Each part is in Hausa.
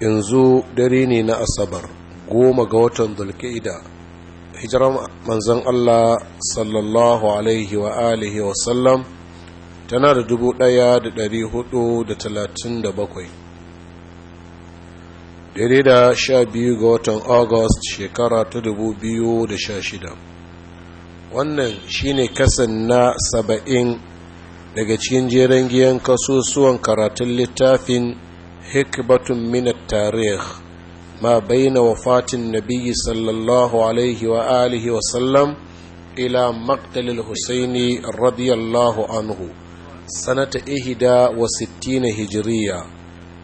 yanzu dare ne na asabar goma ga watan dulkida hijiran manzan Allah sallallahu alaihi wa alihi wa sallam tana da dubu ɗaya da dari hudu da talatin da bakwai dare da sha biyu ga watan august shekara ta dubu biyu da sha shida wannan shine kasan na saba'in daga cikin jerin giyan kasusuwan karatun littafin hikbatun min tarih ma baina wafatin nabiyyi sallallahu ila maqtalil husaini radiyallahu anhu sanata ihda wa hijiriya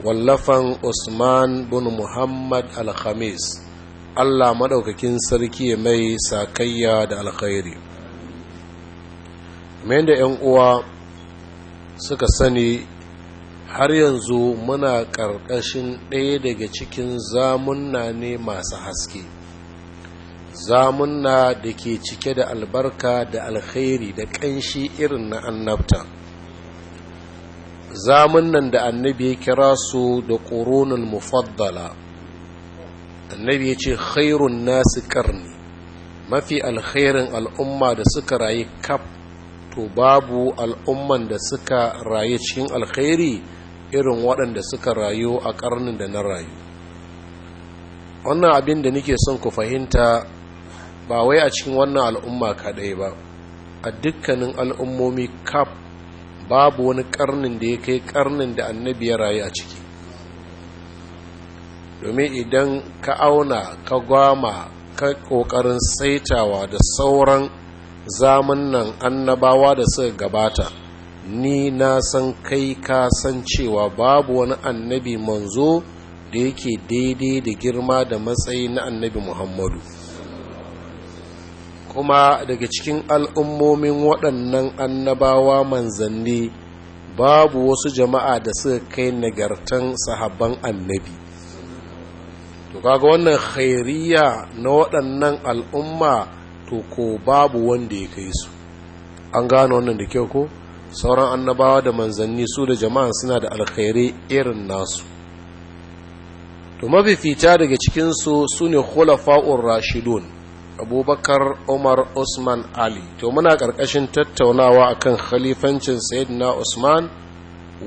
wallafan usman bin muhammad al allah maɗaukakin sarki mai sakayya da alkhairi kamar da 'yan uwa suka sani har yanzu muna ƙarƙashin ɗaya daga cikin zamunna ne masu haske zamunna da ke cike da albarka da alkhairi da ƙanshi irin na annabta zamunnan da annabi ya kira su da ƙoronul mufaddala annabi ya ce khairun nasu ƙarni mafi alkhairin al'umma da suka rayu kaf to babu al'umman da suka rayu cikin alkhairi irin waɗanda suka rayu a ƙarnin da na rayu wannan abin da nike son ku fahimta ba wai a cikin wannan al'umma kaɗai ba a dukkanin al'ummomi kaf babu wani ƙarnin da ya kai ƙarnin da annabi ya rayu a ciki domin idan ka auna ka gwama ka ƙoƙarin saitawa da sauran zaman annabawa da suka gabata ni na san kai ka san cewa babu wani annabi manzo da yake daidai da girma da matsayi na annabi muhammadu kuma daga cikin al'ummomin waɗannan annabawa manzanni babu wasu jama'a da suka kai nagartan sahabban annabi to kaga wannan khairiya na waɗannan al'umma to ko babu wanda ya kai su an gano wannan da kyau ko? sauran annabawa da manzanni su da jama'a suna da alkhairi irin nasu to fita daga cikinsu su ne khulafa'ur rashidun abubakar umar usman ali to muna ƙarƙashin tattaunawa akan khalifancin sayyidina usman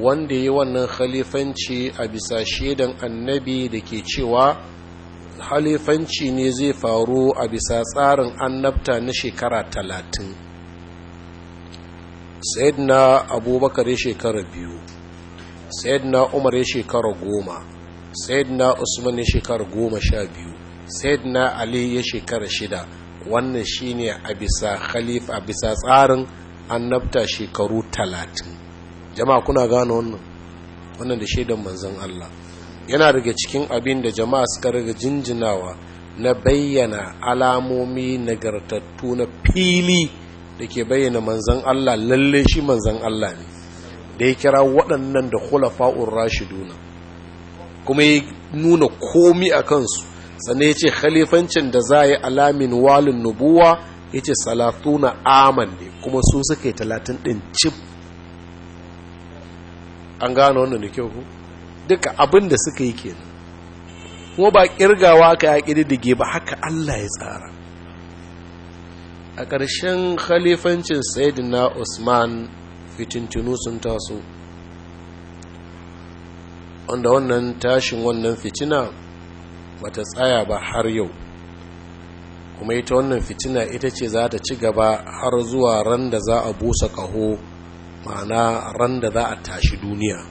wanda yi wannan khalifanci a bisa shaidan annabi da ke cewa khalifanci ne zai faru a bisa tsarin annabta na shekara talatin sayyidina abubakar ya shekara biyu sayyidina umar ya shekara goma sayyidina usman ya shekara goma sha biyu sayyidina ali ya shekara shida wannan shine a bisa khalif a bisa tsarin annabta shekaru talatin jama'a kuna gane wannan wannan da shaidan manzon Allah yana daga cikin abin da jama'a suka riga jinjinawa na bayyana alamomi nagartattu na fili da ke bayyana manzan Allah lalle shi manzan Allah ne da ya kira waɗannan da Rashidu rashiduna kuma ya nuna komi a kansu sannan ya ce khalifancin da za a yi alamin walin nubuwa ya ce salatuna aman ne kuma su suka yi talatin ɗin cif an gano wannan da kyau duka abin suka yi kenan kuma ba kirgawa ka ya kididige ba haka Allah ya tsara a ƙarshen khalifancin sayyidina usman fitintinu sun taso wanda wannan tashin wannan fitina bata tsaya ba har yau kuma ita wannan fitina ita ce za ta ci gaba har zuwa ran da za a busa ƙaho ma'ana ran da za a tashi duniya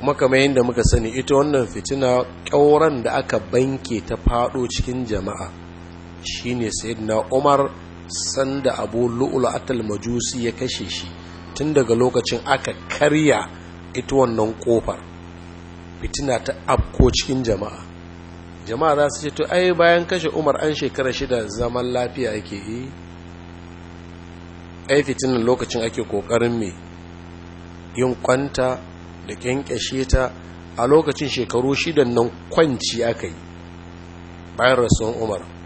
kuma kamar yadda muka sani ita wannan fitina ƙyauren da aka banke ta faɗo cikin jama'a shine sayyidina Umar sanda Abu atal Majusi ya kashe shi tun daga lokacin aka karya ita wannan kofar fitina ta afko cikin jama'a jama'a za su ce to ai bayan kashe Umar an shekara shida zaman lafiya yake yi ai fitinan lokacin ake kokarin me yin kwanta da kyankyashe ta a lokacin shekaru shidan nan kwanci aka yi bayan rasuwan Umar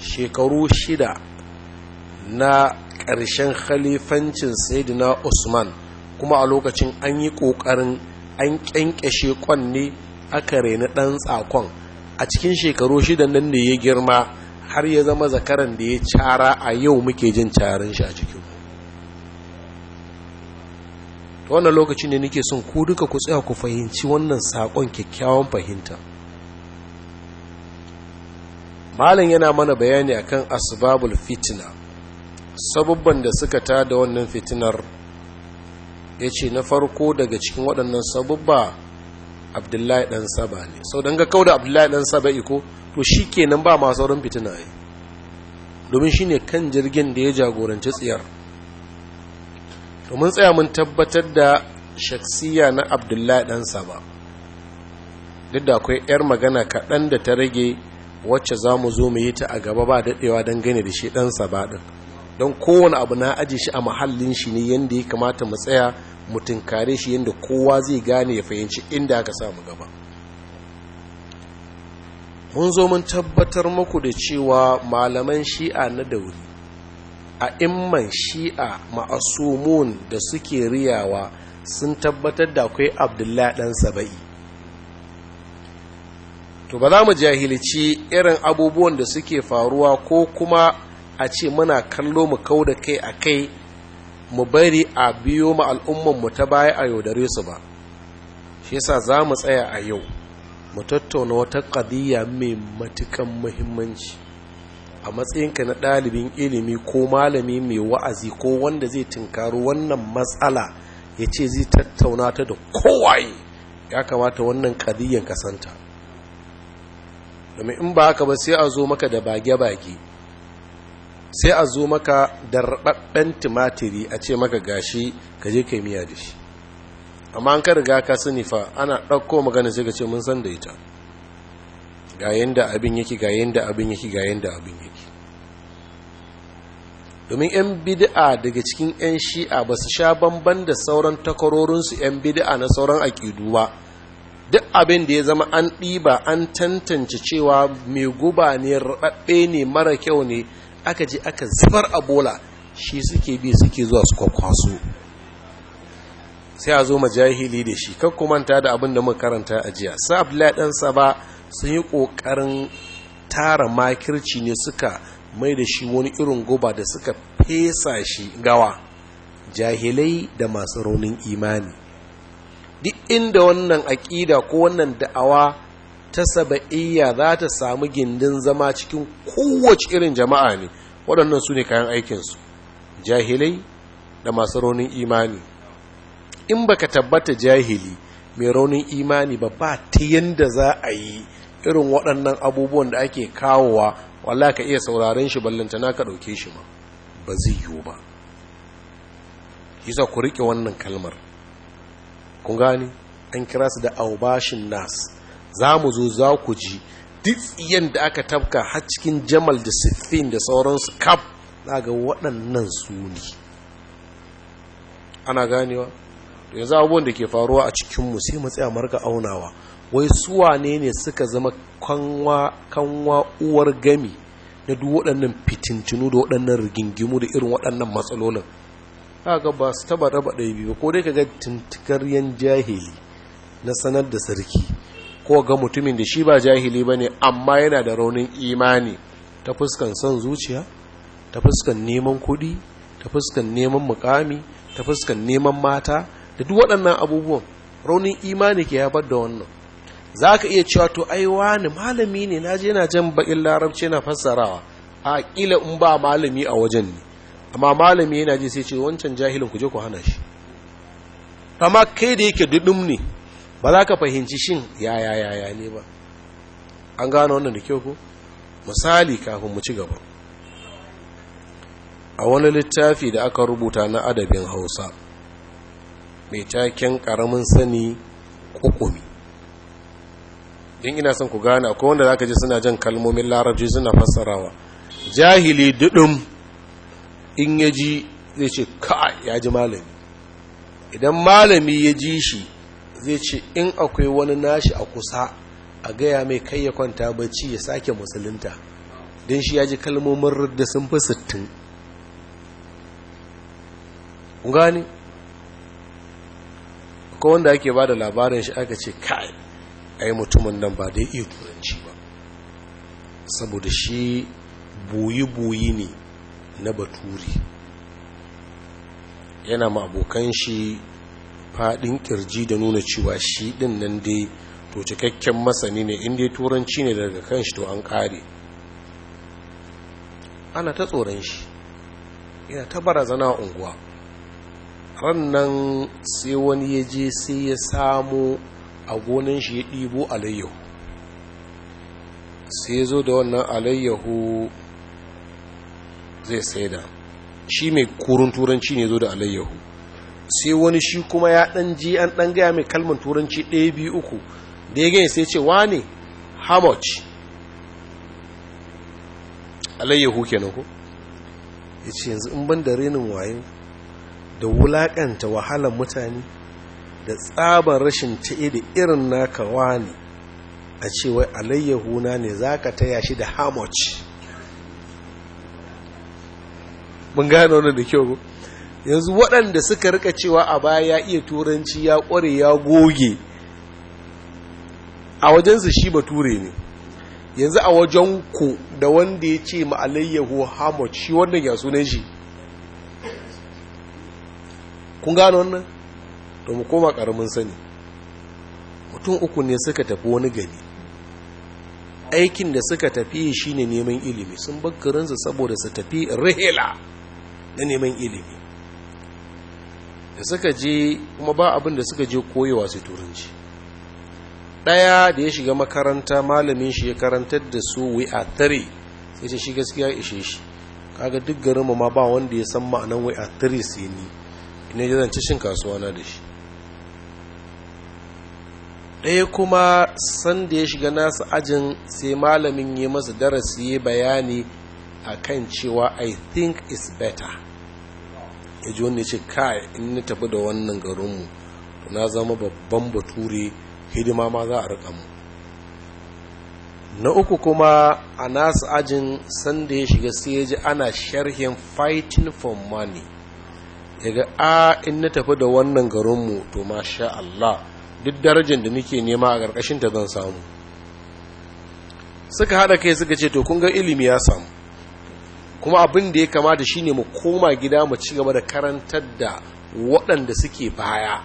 shekaru shida na ƙarshen khalifancin saidina usman kuma a lokacin an yi ƙoƙarin an ƙyanƙyashe ƙwan ne aka reni ɗan tsakon a cikin shekaru shida nan da ya girma har ya zama zakaran da ya cara a yau muke jin carin shi a cikin wannan lokaci ne nake son ku duka ku tsaya ku fahimci wannan saƙon kyakkyawan fahimta malam yana mana bayani akan asbabul fitina sababban da suka da wannan fitinar ya ce na farko daga cikin waɗannan sababba abdullahi ɗan saba ne sau don ga kawo da abdullahi ɗan saba iko to shi kenan ba masu wurin fitina ne domin shi ne kan jirgin da ya jagoranci tsiyar domin tsaya mun tabbatar da shaksiya na abdullahi ɗan saba duk da akwai 'yar magana kaɗan da ta rage wacce za mu zo mu yi ta a gaba ba daɗewa don gane da shi ɗansa ba ɗin don kowane abu na aji shi a mahallin shi ne yadda ya kamata mu tsaya mu tunkare shi yadda kowa zai gane ya fahimci inda aka samu gaba mun zo mun tabbatar muku da cewa malaman shi'a na dauri a imman shi'a ma'asumun da suke riyawa sun tabbatar da akwai abdullahi ɗan saba'i to ba za mu jahilci irin abubuwan da suke faruwa ko kuma a ce muna kallo mu kau da kai a kai mu bari a biyo ma mu ta baya a yaudare su ba shi yasa za mu tsaya a yau mu tattauna wata ƙadiyya mai matukan muhimmanci a matsayinka na ɗalibin ilimi ko malami mai wa'azi ko wanda zai tunkaru wannan matsala ya ce zai tattauna ta da kowaye ya kamata wannan ƙadiyyan kasanta domin in ba haka ba sai a zo maka da bage-bage sai a zo maka da rababben tumatiri a ce maka gashi ka je kai miya da shi amma an ka ka sani fa ana ɗauko magana sai ka ce mun san da ita ga yadda abin yake ga yadda abin yake ga yadda abin yake domin 'yan bid'a daga cikin 'yan shi'a ba su sha bamban da sauran takwarorinsu 'yan bid'a na sauran aƙidu ba duk abin da ya zama an ɗiba an tantance cewa mai guba ne raɓaɓɓe ne mara kyau ne aka je aka zubar a bola shi suke bi suke zuwa su kwakwaso sai a zo majahili da shi kan manta da abin da karanta a jiya sa abdullahi ɗansa ba sun yi ƙoƙarin tara makirci ne suka mai da shi wani irin guba da suka fesa shi gawa jahilai da masu raunin imani duk inda wannan aƙida ko wannan da'awa ta saba'iyya za ta samu gindin zama cikin kowace irin jama'a ne waɗannan su ne kayan aikinsu jahilai da masu raunin imani in baka tabbata jahili mai raunin imani ba ba ta yadda za a yi irin waɗannan abubuwan da ake kawowa wala ka iya sauraren shi ballantana ka ɗauke shi ma ba zai yiwu ba shi ku riƙe wannan kalmar kun gani an kira su da aubashin nas za mu zo za ku ji ditsiyan da aka tabka har cikin jamal da siffin da sauransu kaf na ga waɗannan su ne ana ganewa yanzu abubuwan da ke faruwa a cikinmu sai mu tsaya marka aunawa wai suwa ne suka zama kanwa uwar gami na duk waɗannan fitintinu da waɗannan rigingimu da irin waɗannan matsalolin kaga ba su taba raba ɗaya biyu ko dai kaga yan jahili na sanar da sarki ko ga mutumin da shi ba jahili ba ne amma yana da raunin imani ta fuskan son zuciya ta fuskan neman kuɗi ta fuskan neman mukami ta fuskan neman mata da duk waɗannan abubuwan raunin imani ke haifar da wannan za ka iya cewa to ai wani malami ne na je na jan baƙin larabci na fassarawa a ƙila in ba malami a wajen ne amma malami yana ji sai ce wancan jahilin ku je ku hana shi amma kai da yake dudum ne ba za ka fahimci shin ya ya ya ya ne ba an gano wannan da kyau ku misali kafin mu ci gaba a wani littafi da aka rubuta na adabin hausa mai taken karamin sani kukumi din ina son ku gane akwai wanda za ka ji suna jan kalmomin larabci suna fassarawa jahili dudum in ya ji zai ce ka'a ya ji malami idan malami ya ji shi zai ce in akwai wani nashi a kusa a gaya mai kai ya kwanta bacci ya sake musulunta don shi ya ji kalmomin rudda sun fi sittin gani ko wanda ake ba da labarin shi aka ce kai yi mutumin nan ba da iya turanci ba saboda shi buyi-buyi ne na baturi yana ma abokan shi fadin kirji da nuna cewa shi din nan dai to cikakken masani ne inda turanci ne daga kan shi to an kare ana ta tsoron shi ina ta barazana unguwa rannan sai wani ya je sai ya samu a gonan shi ya ɗibo alayyahu sai ya zo da wannan alayyahu zai da shi mai kurun turanci ne zo da alayyahu sai wani shi kuma ya dan ji an dan gaya mai kalmar turanci ɗaya biyu uku da ya gani sai ce wani how much alayyahu kenan ku ya ce yanzu in ban da renin wayo da wulaƙanta wahalar mutane da tsabar rashin ta'e da irin naka wani a ce alayyahu na ne za ka taya shi da how mun gane wannan da kyau yanzu waɗanda suka rika cewa a baya ya iya turanci ya ƙware ya goge a wajensu shi bature ne yanzu a wajen ku da wanda ya ce ma'alayyahu hamad shi wannan ya sunan shi kun gano wannan to mu koma ƙaramin sani mutum uku ne suka tafi wani gari aikin da suka tafi shine neman ilimi sun bakkarinsu saboda su tafi rihila na neman ilimi da suka je kuma ba abin da suka je koyewa sai turanci ɗaya da ya shiga makaranta malamin shi ya karantar da su wai a tare sai ce shi gaskiya ishe shi kaga duk garin ma ba wanda ya san ma'anan wai a tare sai ni ina ya zance shin kasuwa na da shi ɗaya kuma sanda ya shiga nasu ajin sai malamin ya masa darasi ya bayani a kan cewa i think is better ya ji wanda ce kai in na tafi da wannan garinmu na zama babban bature hidima ma za a rika mu na uku kuma a nasu ajin sanda ya shiga sai ya ji ana sharhin fighting for money yaga a in na tafi da wannan garinmu to masha Allah duk darajar da nake nema a ƙarƙashin ta zan samu suka haɗa kai suka ce to kun ga ilimi ya samu kuma abin da ya kamata shine mu koma gida mu ci gaba da karantar da waɗanda suke baya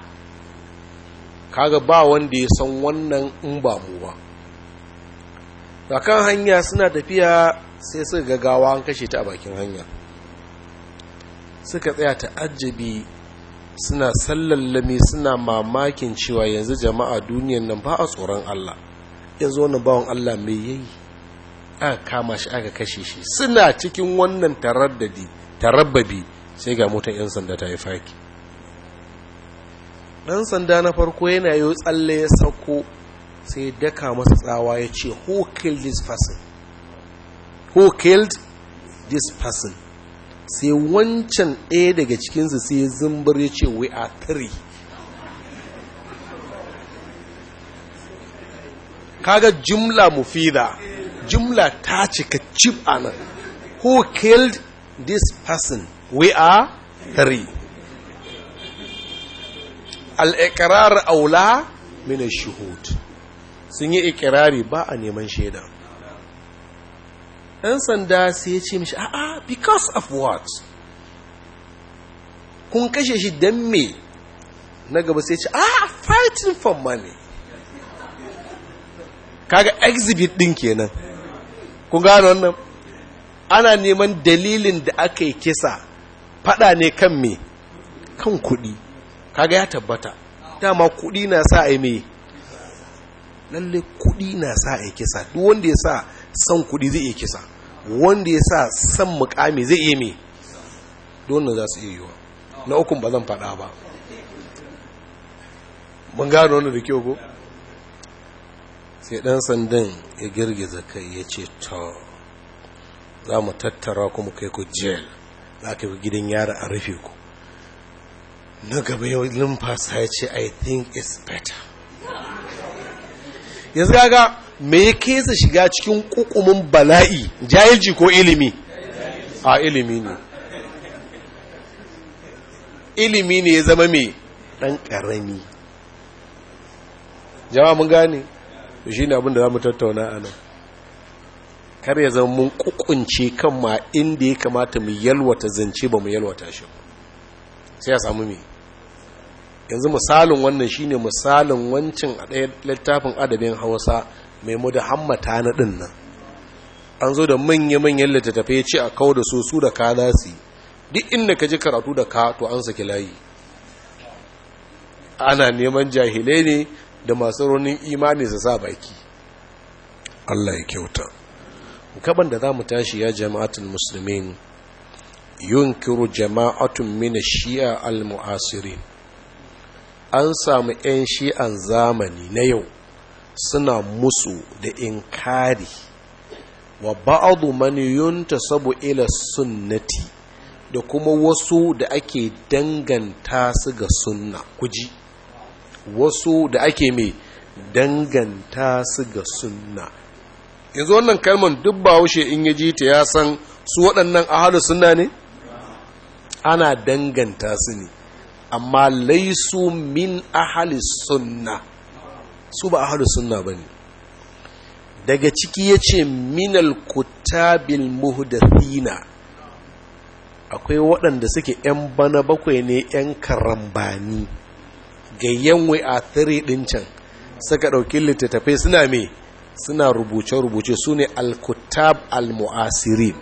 kaga ba wanda ya san wannan in ba mu ba da kan hanya suna tafiya sai suka gagawa an kashe ta a bakin hanya suka tsaya ta ajabi suna sallallami suna mamakin cewa yanzu jama'a duniyan nan ba a tsoron Allah yanzu wani bawan Allah mai yayi aka kama shi aka kashe shi suna cikin wannan taraddadi tarabbabi sai ga motar 'yan sanda ta yi faki ɗan sanda na farko yana yi tsalle ya sako, sai daka masa tsawa ya ce who killed this person who killed this person sai wancan ɗaya daga cikinsu sai ya zumbar ya ce we are three kaga jumla mufida jumla ta cika cif a nan who killed this person we are three al'ikirar aula mina shuhud sun yi ikirari ba a neman shaida ɗan sanda sai ya ce mishi a'a because of what kun kashe shi don me na gaba sai ce a'a fighting for money kaga exhibit ɗin kenan Ku gano wannan ana neman dalilin da aka yi kisa fada ne kan me kan kuɗi kaga ya tabbata dama kuɗi na sa a yi mai lalle kuɗi na sa a yi kisa duk wanda ya sa san kuɗi zai iya kisa wanda ya sa san mukami zai iya mai don za su iya yiwa na ukun ba zan faɗa ba mun gano wanda da kyau ko sai ɗan sandan ya girgiza kai ya ce to za mu tattara kuma kai ku jail za ka bi gidan yara a rufe ku na gaba yau lumfasa ya ce i think it's better yanzu gaga me ya kesa shiga cikin kukumin bala'i jahilci ko ilimi a ilimi ne ilimi ne ya zama mai ɗan ƙarami jama'a mun gane shi ne abinda za mu tattauna a nan kar ya zama mun kukunce kan ma inda ya kamata mu yalwata zance ba mu yalwata shi sai ya samu mai yanzu misalin wannan shine misalin wancin a ɗaya littafin adabin hausa mai muda da hammata na ɗin nan an zo da manya-manyan littattafai ce a kawo da su su da ka nasi duk inda ka ji karatu da ka to an saki layi ana neman jahilai ne da masu raunin imani su sa baki Allah ya kyauta gaban da za mu tashi ya jama'atul musulmin yunkiru jama'atun mina shi'a al-mu'asirin an samu 'yan shi'an zamani na yau suna musu da inkari wa ba'adu man yuntasabu ila sunnati da kuma wasu da ake danganta su ga sunna kuji wasu da ake mai danganta su ga sunna yanzu wannan kalmar duk ba wushe in ya ji ta ya san su waɗannan ahalu sunna ne ana danganta su ne amma laisu min ahali sunna su ba ahalu sunna ba ne daga ciki ya ce minal kutabil muhdathina akwai waɗanda suke 'yan bana bakwai ne 'yan karambani gayyan wai a ɗin can suka ɗauki littattafai suna mai suna rubuce-rubuce su ne alkutab muasirin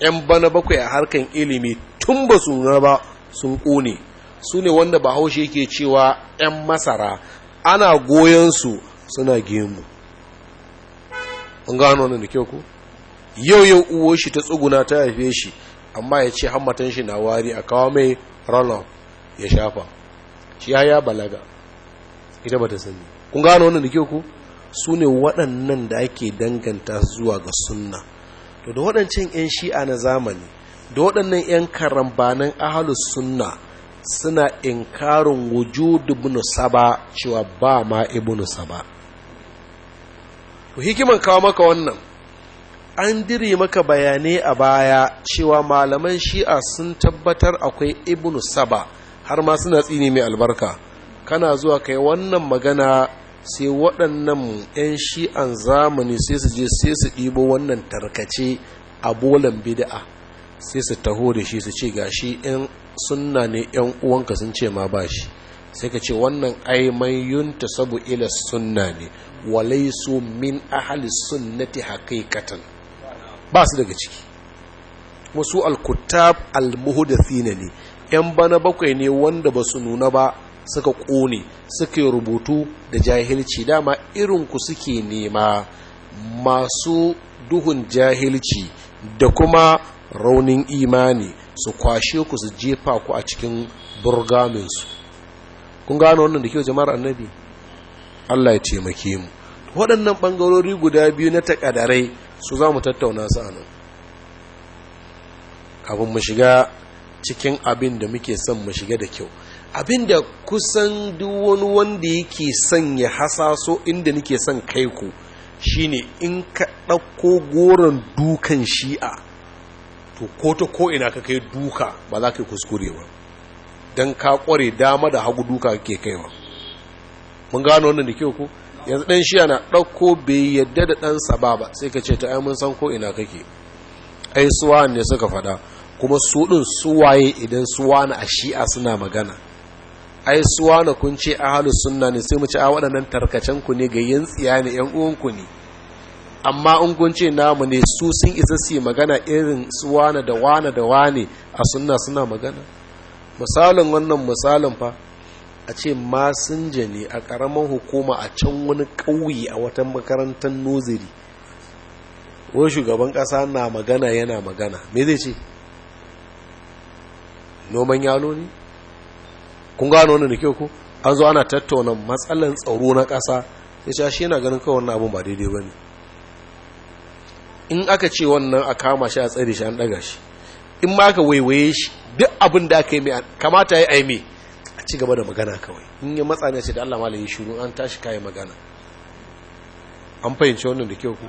yan bana bakwai a harkan ilimi tun ba su nuna ba sun ƙone su ne wanda bahaushe yake cewa yan masara ana goyonsu suna gemu an gano wannan da kyau ku yau yau uwo shi ta tsuguna ta haife shi amma ya ce hammatan shi na wari a kawo mai roll ya shafa shi ya balaga ita ba ta sani kun gano wannan da ke ku su ne waɗannan da ake danganta zuwa ga sunna to da waɗancan 'yan shi'a na zamani da waɗannan 'yan karambanin ahalus sunna suna inkarin wujud ibn saba cewa ba ma Ibnu saba to hikiman kawo maka wannan an dire maka bayanai a baya cewa malaman shi'a sun tabbatar akwai Ibnu saba har ma suna tsini mai albarka kana zuwa kai wannan magana sai waɗannan 'yan shi'an zamani sai su je sai su ɗibo wannan tarkace a bolan bida'a sai su taho da shi su ce ga shi 'yan sunna ne 'yan uwanka sun ce ma ba shi sai ka ce wannan ai yunta sabu ila sunna ne walai su min ahali sunnati haƙiƙatan ba su daga ciki wasu alkutab almuhudathina ne 'yan bana bakwai ne wanda ba su nuna ba suka ƙone suka rubutu da jahilci dama irin ku suke nema masu duhun jahilci da kuma raunin imani su kwashe ku su jefa ku a cikin burgaminsu kun gano wannan da kyau jama'ar annabi Allah ya taimake mu waɗannan ɓangarori guda biyu na takadarai su za mu tattauna su a nan kafin mu shiga cikin abin da muke son mu shiga da kyau abin da kusan duk wani wanda yake son ya hasaso inda nake son kai ku shine in ka ɗauko goron dukan shi'a to ko ta ko ina ka kai duka ba za ka yi kuskure ba don ka kware dama da hagu duka ke kai kaiwa mun gano wannan da kyau ko yanzu ɗan shi'a na ɗauko bai yadda da ɗansa ba ba sai ka ce ta ai mun san ko ina kake ai suwa ne suka faɗa kuma su ɗin suwaye idan suwana a shi'a suna magana ai suwana kun ce a ahalus suna ne sai mu ci a waɗannan tarkacen ku ne ga yin tsiya ne ƴan uwanku ne amma in kun ce namu ne su sun isa su magana irin suwana da wane da wane a suna suna magana misalin wannan misalin fa a ce masinja ne a ƙaramin hukuma a can wani ƙauye a wata makarantar noziri wani shugaban ƙasa na magana yana magana me zai ce noman yalo ne kun gano wannan da kyau ku? an zo ana tattauna matsalan tsaro na ƙasa ya sha ah, shi yana ganin kawai wannan abin ba daidai ba ne in aka ce wannan a kama shi a tsare shi an ɗaga shi in ma aka waiwaye shi duk abin da aka yi mai kamata ya aime a ci gaba da magana kawai in yi matsa ne da Allah malaye shuru an tashi kayi magana an fahimci wannan da kyau ku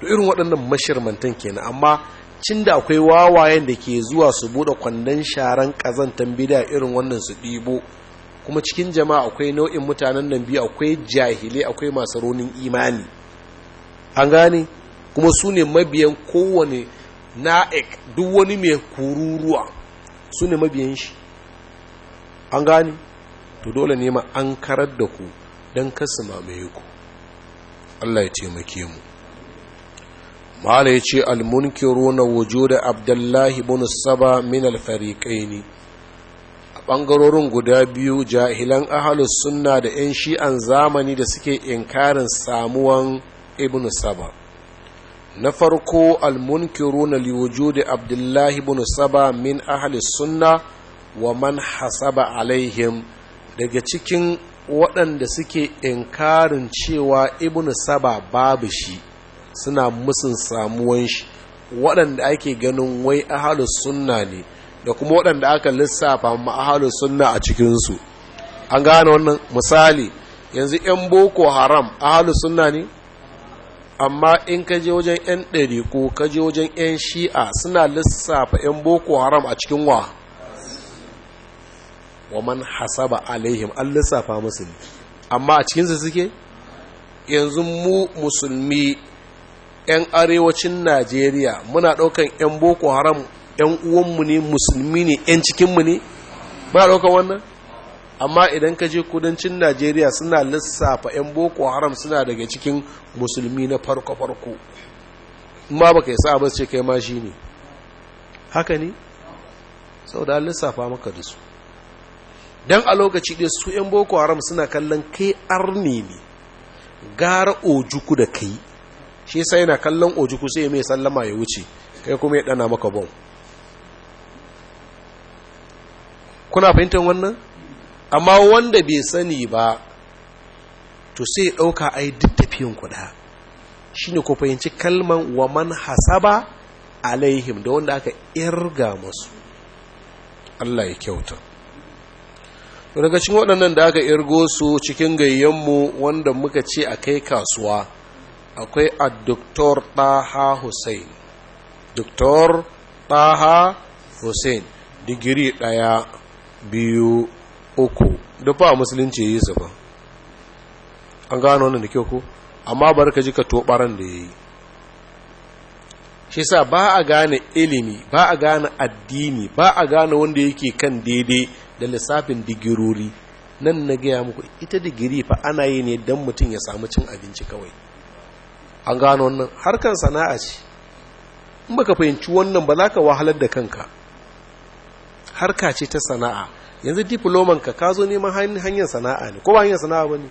to irin waɗannan mashirmantan kenan amma cin da akwai wawayen da ke zuwa su buɗe kwandon sharan kazantan bida irin wannan su ɗibo kuma cikin jama'a akwai nau'in mutanen nan biyu akwai jahilai akwai masu ronin imani an gane kuma su ne mabiyan kowane na'ik duk wani mai kururuwa su ne mabiyan shi an gane to dole ne ma an karar da ku don kasu mamaye ku Allah ya taimake mu mala ya ce almunkiru na wujo da abdullahi bin saba min alfariƙai ne a ɓangarorin guda biyu jahilan ahalus sunna da 'yan shi'an zamani da suke inkarin samuwan ibn saba na farko almunkiru na liwujo da abdullahi bin saba min ahalus sunna wa man hasaba alaihim daga cikin waɗanda suke inkarin cewa ibn saba babu shi suna musun samuwan shi waɗanda ake ganin wai ahalus sunna ne da kuma waɗanda aka lissafa ma ahalus sunna a cikinsu an gane wannan misali yanzu 'yan boko haram ahalus sunna ne amma in ka je wajen 'yan ɗari ko ka je wajen 'yan shi'a suna lissafa 'yan boko haram a cikin wa wa man hasaba alaihim an lissafa musu amma a cikinsu suke yanzu mu musulmi 'yan arewacin najeriya muna ɗaukan 'yan boko haram 'yan uwanmu ne musulmi ne 'yan cikinmu ne muna ɗaukan wannan amma idan ka je kudancin najeriya suna lissafa 'yan boko haram suna daga cikin musulmi na farko-farko ma ka yi sa ce kai ma shi ne haka ne sau da lissafa maka da su don a lokaci ɗaya su 'yan boko haram suna kallon kai arne ne gara ojuku da kai shi sai yana kallon ojuku sai mai sallama ya wuce kai kuma ya dana maka bom kuna fahimtar wannan amma wanda bai sani ba to sai ɗauka ai duk tafiyin kuda shi ne ku fahimci kalman wa man hasaba alaihim da wanda aka irga masu Allah ya kyauta daga cikin waɗannan da aka irgo su cikin gayyanmu wanda muka ce a kai kasuwa akwai a doktor taha hussein doktor taha hussein digiri ɗaya biyu uku duk ba musulunci yi su ba an gano wannan da kyau ko amma bari ka ji ka tobaran da yayi shi sa ba a gane ilimi ba a gane addini ba a gane wanda yake kan daidai da lissafin digirori nan na gaya muku ita digiri fa ana yi ne don mutum ya samu cin abinci kawai an gano wannan harkar sana'a ce in baka fahimci wannan ba za ka wahalar da kanka harka ce ta sana'a yanzu diploman ka ka zo neman hanyar sana'a ne ko ba hanyar sana'a ba ne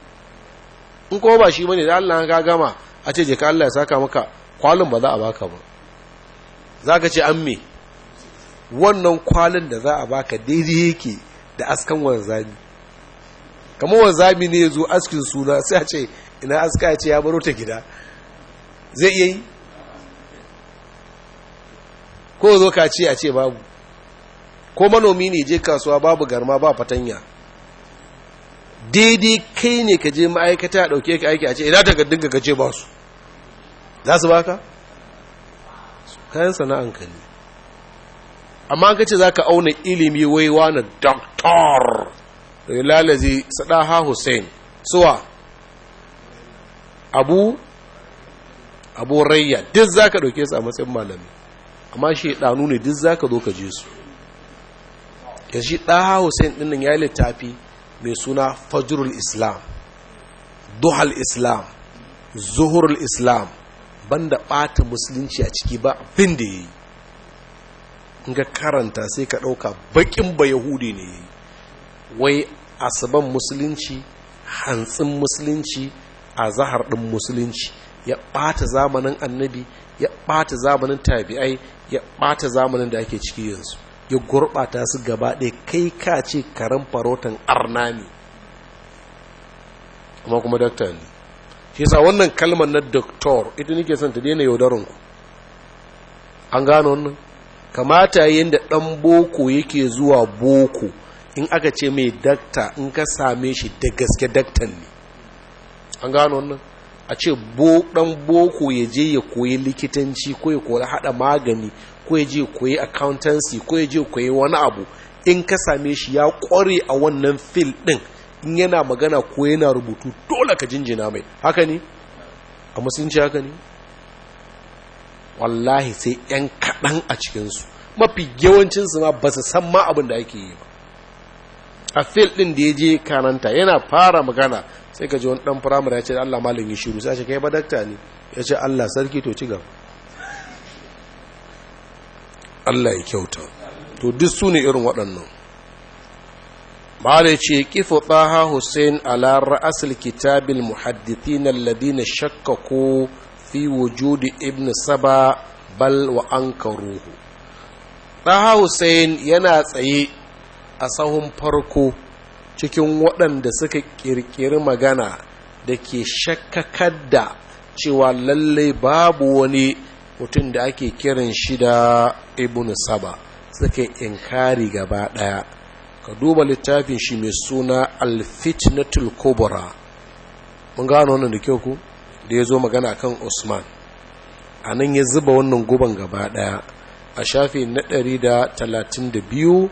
in kuma ba shi ba ne da allah ga gama a ce je ka allah ya saka maka kwalin ba za a baka ba za ka ce an me wannan kwalin da za a baka daidai yake da askan wanzami kamar wanzami ne ya zo askin suna sai a ce ina aska ya ce ya baro ta gida zai iya yi ko zo ka ce a ce babu ko manomi ne je kasuwa babu garma ba fatanya daidai kai ne ka je ma'aikata a ɗauke ka aiki a ce idan takardun ka gaje ba su za su baka kayan sana'anka ne amma ka ce za ka auna ilimi waiwa na doktor lalazi sadaha hussein suwa abu abu rayya duk za ka ɗauke su a matsayin malami amma shi ɗanu ne duk za ka zo ka je su ya shi ɗaha hussein ɗinnan ya yi littafi mai suna fajirul islam duhal islam zuhurul islam ban da ɓata musulunci a ciki ba abin da ya yi in ga karanta sai ka ɗauka baƙin ba yahudi ne ya yi wai asaban musulunci hantsin musulunci a zahar ɗin musulunci ya ɓata zamanin annabi ya ɓata zamanin tabi'ai ya ɓata zamanin da ake ciki yanzu ya gurbata su gaba ɗaya kai ka ce karan farotan arnami amma kuma dakta ne shi sa wannan kalmar na doktor ita nake son ta daina yaudarin ku an gano wannan kamata yadda ɗan boko yake zuwa boko in aka ce mai dakta in ka same shi da gaske daktan ne an gano wannan a ce dan boko ya je ya koyi likitanci ko ya koyi hada magani ko ya je ya koyi accountancy ko ya je ya koyi wani abu in ka same shi ya kware a wannan fil din in yana magana ko yana rubutu dole ka jinjina mai haka ne a musulunci haka ne wallahi sai yan kaɗan a cikinsu mafi yawancinsu ma ba su san ma abin da ake yi ba a fil ɗin da ya je kananta yana fara magana sai ka ji wani ɗan firamare ya ce Allah malin yi shiru sai ka yi badakta ne ya ce Allah sarki to ci gaba Allah ya kyauta to duk su ne irin waɗannan malai ce kifo taha hussein ala ra'asul kitabil na shakka ko fi wujudi ibn saba bal wa ankaruhu Ɗaha hussein yana tsaye a sahun farko cikin waɗanda suka ƙirƙiri magana da ke shakkakar da cewa lallai babu wani mutum da ake kiran shi da ibn saba suka inkari gaba ɗaya ka duba littafin shi mai suna alfitnatul kubra mun gano wannan da kyau ku da ya zo magana kan usman a nan ya zuba wannan guban gaba ɗaya a shafi na 132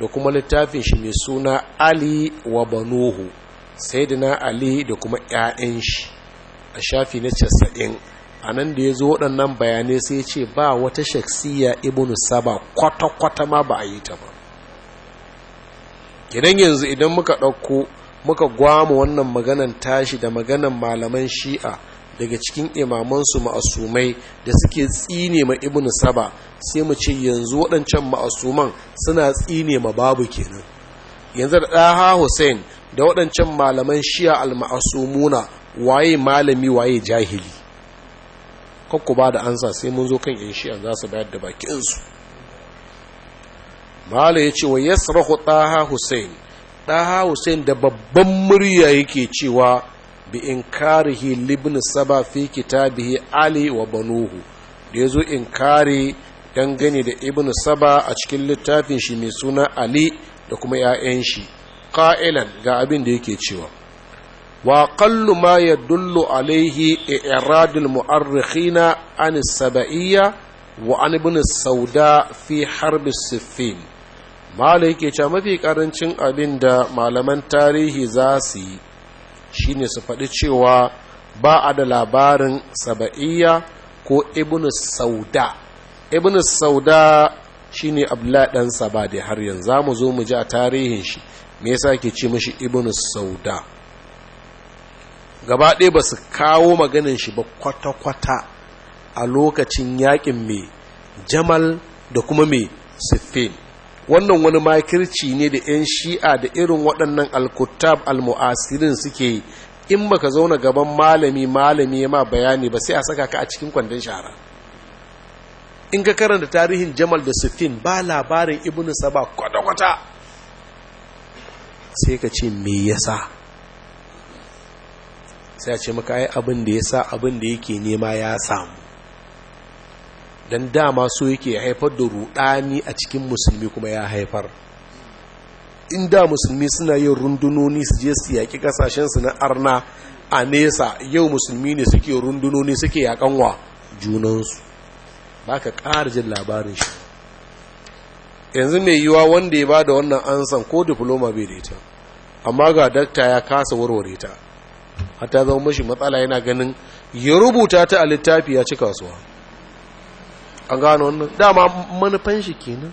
da kuma littafin shi mai suna ali wa banuhu sai na ali da kuma 'ya'yan shi a shafi na casa'in a nan da ya zo waɗannan bayanai sai ce ba wata shaksiya ibn saba kwata-kwata ma ba a yi ta ba idan yanzu idan muka ɗauko muka gwamo wannan maganan tashi da maganan malaman shi'a daga cikin imamansu ma'asumai da suke tsine ma ibn saba sai mu ce yanzu waɗancan ma'asuman suna tsine ma babu kenan yanzu da ɗaha hussein da waɗancan malaman shiya al-ma'asumuna waye malami waye jahili kakku ba da ansa sai mun zo kan yan shiya za su bayar da bakinsu Malam ya ce wa yasrahu ɗaha hussein ɗaha hussein da babban murya yake cewa bi inkarihi libn saba fi kitabihi ali wa banuhu da yazo inkari dangane da ibn saba a cikin littafin shi mai suna ali da kuma 'ya'yan shi qa'ilan ga abin da yake cewa wa qallu ma yadullu alaihi i'radul mu'arrikhina an saba'iyya wa an ibn sauda fi harb siffin malai yake cewa mafi karancin abin da malaman tarihi za su yi shine su faɗi cewa ba a da labarin saba'iyya ko ibnu sauda ibnu sauda shine abdullahi dan saba da har yanzu Za mu zo mu ji a tarihin shi me yasa ke ce mashi ibnu sauda gaba ɗaya ba su kawo maganin shi ba kwata-kwata a lokacin yaƙin mai jamal da kuma mai siffin wannan wani makirci ne da 'yan shi'a da irin waɗannan alkutab almu'asirin suke yi in baka zauna gaban malami malami ya ma bayani ba sai a saka ka a cikin kwandon shara in ka karanta tarihin jamal da sufin ba labarin Ibn saba kwata-kwata sai ka ce me yasa sai a ce maka ai abin da yasa abin da yake nema ya samu don dama so yake haifar da rudani a cikin musulmi kuma ya haifar inda musulmi suna yin rundunoni su je su yaƙi ƙasashensu na arna a nesa yau musulmi ne suke rundunoni suke yaƙanwa junansu ba ka ƙara jin labarin shi yanzu mai yiwa wanda ya ba da wannan ansan ko diploma bai daita amma ga dakta ya kasa warware ta hata zama mashi matsala yana ganin ya rubuta ta a littafi ya ci kasuwa an gano wannan dama manufan shi kenan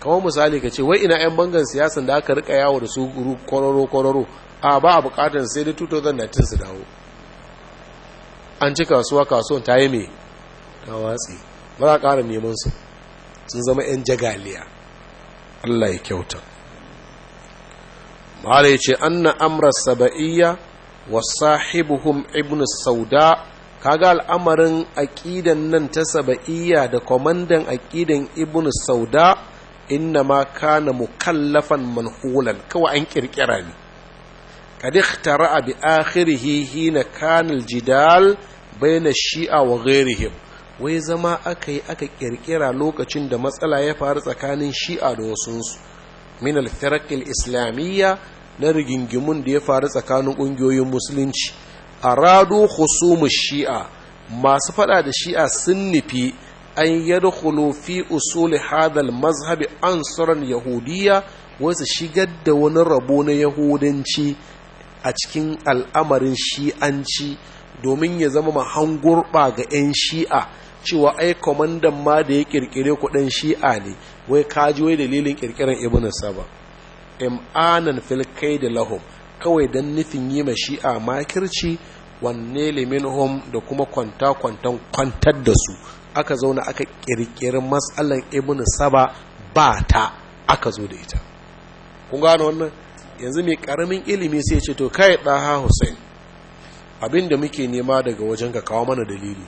kawo misali ka ce wai ina 'yan bangan siyasan da aka rika yawo da su kwararo kororo a ba a bukatar sai da 2019 su dawo an ci kasuwa kasuwan ta yi mai ta watsi ba za a ƙara neman su sun zama 'yan jagaliya allah ya kyauta mahala ya ce an na amra saba'iyya wa hum ibn sauda kaga al'amarin aƙidan nan ta saba'iyya da kwamandan aƙidan ibn sauda inna ma kana mukallafan manhulan kawai an ƙirƙira ne kad ikhtara bi akhirihi hina kanal jidal baina shi'a wa gairihim wai zama aka yi aka ƙirƙira lokacin da matsala ya faru tsakanin shi'a da wasunsu min al islamiyya na rigingimun da ya faru tsakanin ƙungiyoyin musulunci a rado husumu shi'a masu fada da shi'a sun nufi an yadkhulu fi usuli hadal mazhabi ansuran yahudiyya wasu shigar da wani rabo na yahudanci a cikin al'amarin shi'anci domin ya zama mahangurɓa ga 'yan shi'a cewa ai kwamandan ma da ya ƙirƙire kuɗin shi'a ne wai kaji wai dalilin ƙirƙirar ibn saba imanan filkai da lahum kawai don nufin yi ma shi'a makirci wanne liminhum da kuma kwanta-kwantan kwantar da su aka zauna aka kirkiri matsalan ibn saba ba ta aka zo da ita kun gano wannan yanzu mai karamin ilimi sai ce to kai ɗaha hussein abin da muke nema daga wajen ka kawo mana dalili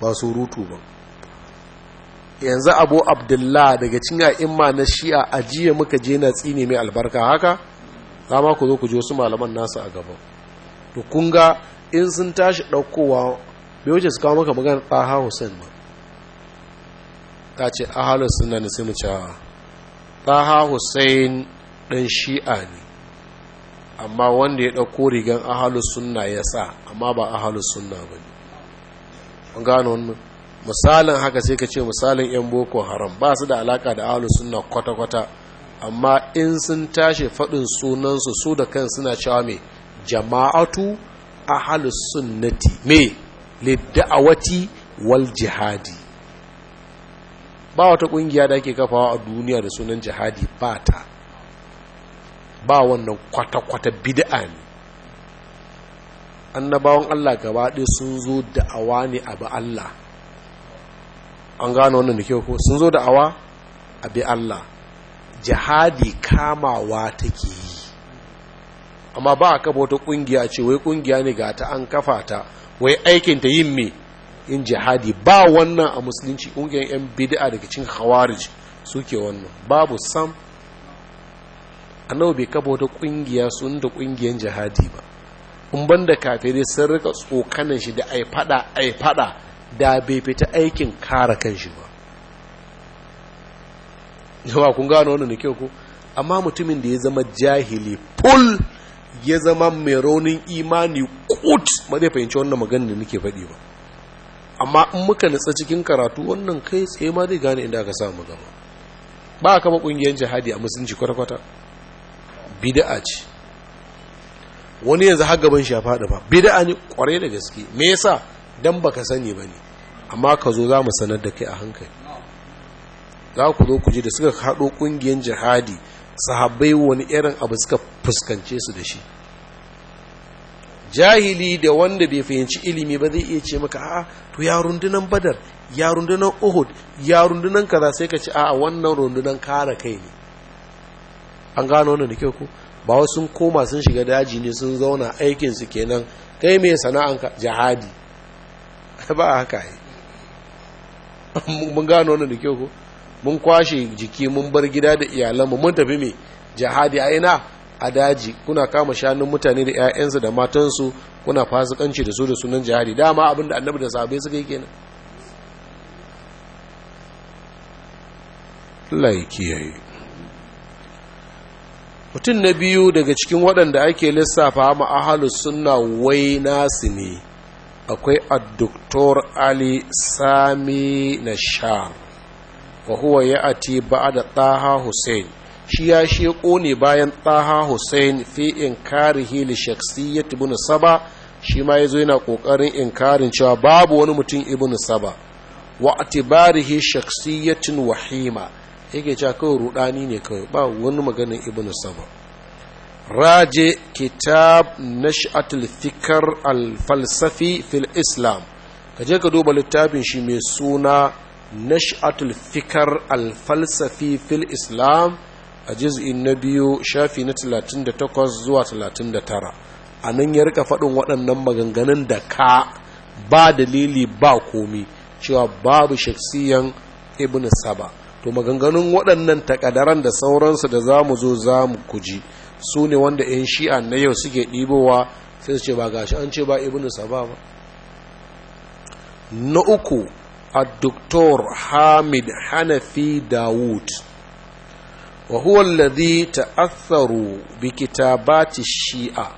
ba su rutu ba yanzu abu abdullah daga cin imma na shi'a ajiye muka je na tsine mai albarka haka za ma ku zo ku ji wasu malaman nasu a gaba to kun ga in sun tashi ɗaukowa bai wuce su kawo maka magana ɗaha hussein ba ta ce ahalar suna ne sai mu cewa ɗaha hussein ɗan shi'a ne amma wanda ya ɗauko rigan ahalus suna ya sa amma ba ahalus suna ba ne an gano wannan misalin haka sai ka ce misalin 'yan boko haram ba su da alaka da ahalus suna kwata-kwata amma in sun tashi faɗin sunansu su da kan suna cewa mai jama'atu ahalus sunnati me lidda'awati wal jihadi ba wata ƙungiya da ake kafawa a duniya da sunan jihadi ba ta ba wannan kwata-kwata bid'a ne annabawan Allah gaba ɗaya sun zo da'awa ne abu Allah an gano wannan da kyau ko sun zo da'awa abi Allah jihadi kamawa take yi amma ba a kafa wata kungiya ce wai kungiya ne ga ta an kafa ta wai aikin ta yin me in jihadi ba wannan a musulunci kungiyar yan bid'a daga cikin khawarij suke wannan babu sam annabi bai kafa wata kungiya sun da kungiyar jihadi ba in banda kafirai sun rika tsokanan shi da ai fada ai fada da bai fita aikin kare shi ba jama'a kun gano wani da kyau ko amma mutumin da ya zama jahili ful ya zama mai raunin imani kut ma zai fahimci wannan magana da nake faɗi ba amma in muka nutsa cikin karatu wannan kai tsaye ma zai gane inda aka samu gaba ba kama ƙungiyar jihadi a musulunci kwata-kwata bida'a ce wani yanzu har gaban shi ya faɗi ba bida'a ne kwarai da gaske me yasa dan baka sani ba ne. amma ka zo za mu sanar da kai a hankali za ku zo ku ji da suka haɗo ƙungiyar jihadi sahabbai wani irin abu suka fuskance su da shi jahili da wanda bai fahimci ilimi ba zai iya ce maka a to ya rundunan badar ya rundunan uhud ya rundunan kaza sai ka ci a wannan rundunan kare kai ne an gano wannan da kyau ko ba wasu sun koma sun shiga daji ne sun zauna aikin su kenan kai mai sana'an jihadi ba haka yi mun gano wannan da kyau ko mun kwashe jiki mun bar gida da iyalanmu mun tafi mai jihadi a ina a daji kuna kama shanun mutane da 'ya'yansu da matansu kuna fasikanci da su da sunan jihadi dama abin da annabi da sahabbai suka yi kenan laiki ya mutum na biyu daga cikin waɗanda ake lissafa ma ahalus sunna wai nasu ne akwai doktor ali sami na sham wa huwa ya'ati ba'da taha hussein shi ya shi ne bayan taha hussein fi inkari hili shakhsiyyat ibn saba shi ma yazo yana kokarin inkarin cewa babu wani mutum ibn saba wa atibarihi shakhsiyatin wahima yake cewa kawai rudani ne kawai ba wani maganin ibn saba raje kitab nash'atul fikr al falsafi fil islam kaje ka duba littafin shi mai suna nash'atul fikar al-falsafi fil islam a juz'in na biyu shafi na 38 zuwa talatin da tara a nan ya rika faɗin waɗannan maganganun da ka ba dalili ba komi cewa babu shaksiyan ibn saba to maganganun waɗannan takadaran da sauransu da za mu zo za mu kuji su ne wanda 'yan shi'a na yau suke ɗibowa sai su ce ba gashi an ce ba ibn saba na uku الدكتور حامد حنفي داوود وهو الذي تأثروا بكتابات الشيعة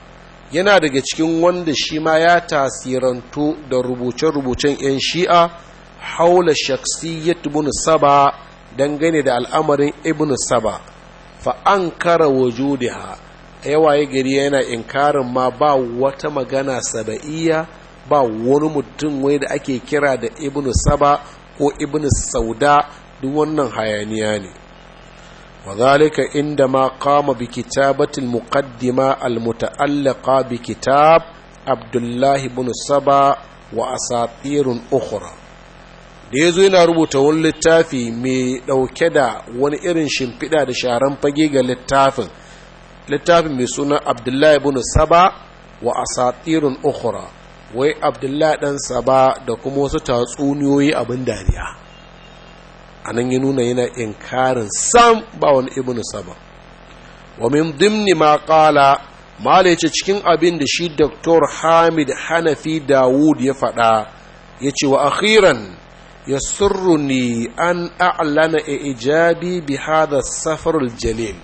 yana daga cikin wanda shi ma ya tasirantu da rubuce-rubucen 'yan shi'a haula shaksiyyat ibn saba dangane da al'amarin ibn saba fa an kara wujudiha yawaye gari yana inkarin ma ba wata magana saba'iyya ba wani mutum wai da ake kira da Ibn saba ko Ibn sauda duk wannan hayaniya ne inda وذلك عندما قام بكتابة المقدمة bi kitab Abdullahi Ibn Saba wa asatirun ukhra da yazo zo yana rubuta wani littafi mai ɗauke da wani irin shimfiɗa da sharan fage ga littafin littafin mai suna abdullahi Ibn saba wa asatirun ukhra wai abdullahi ɗan saba da kuma wasu tatsuniyoyi abin dariya a nan ya nuna yana inkarin sam ba wani ibn saba wa min dimni ma kala ma ce cikin abin da shi doktor hamid hanafi dawud ya faɗa ya ce wa akhiran surruni an a'lana ijabi bi hada safar jalil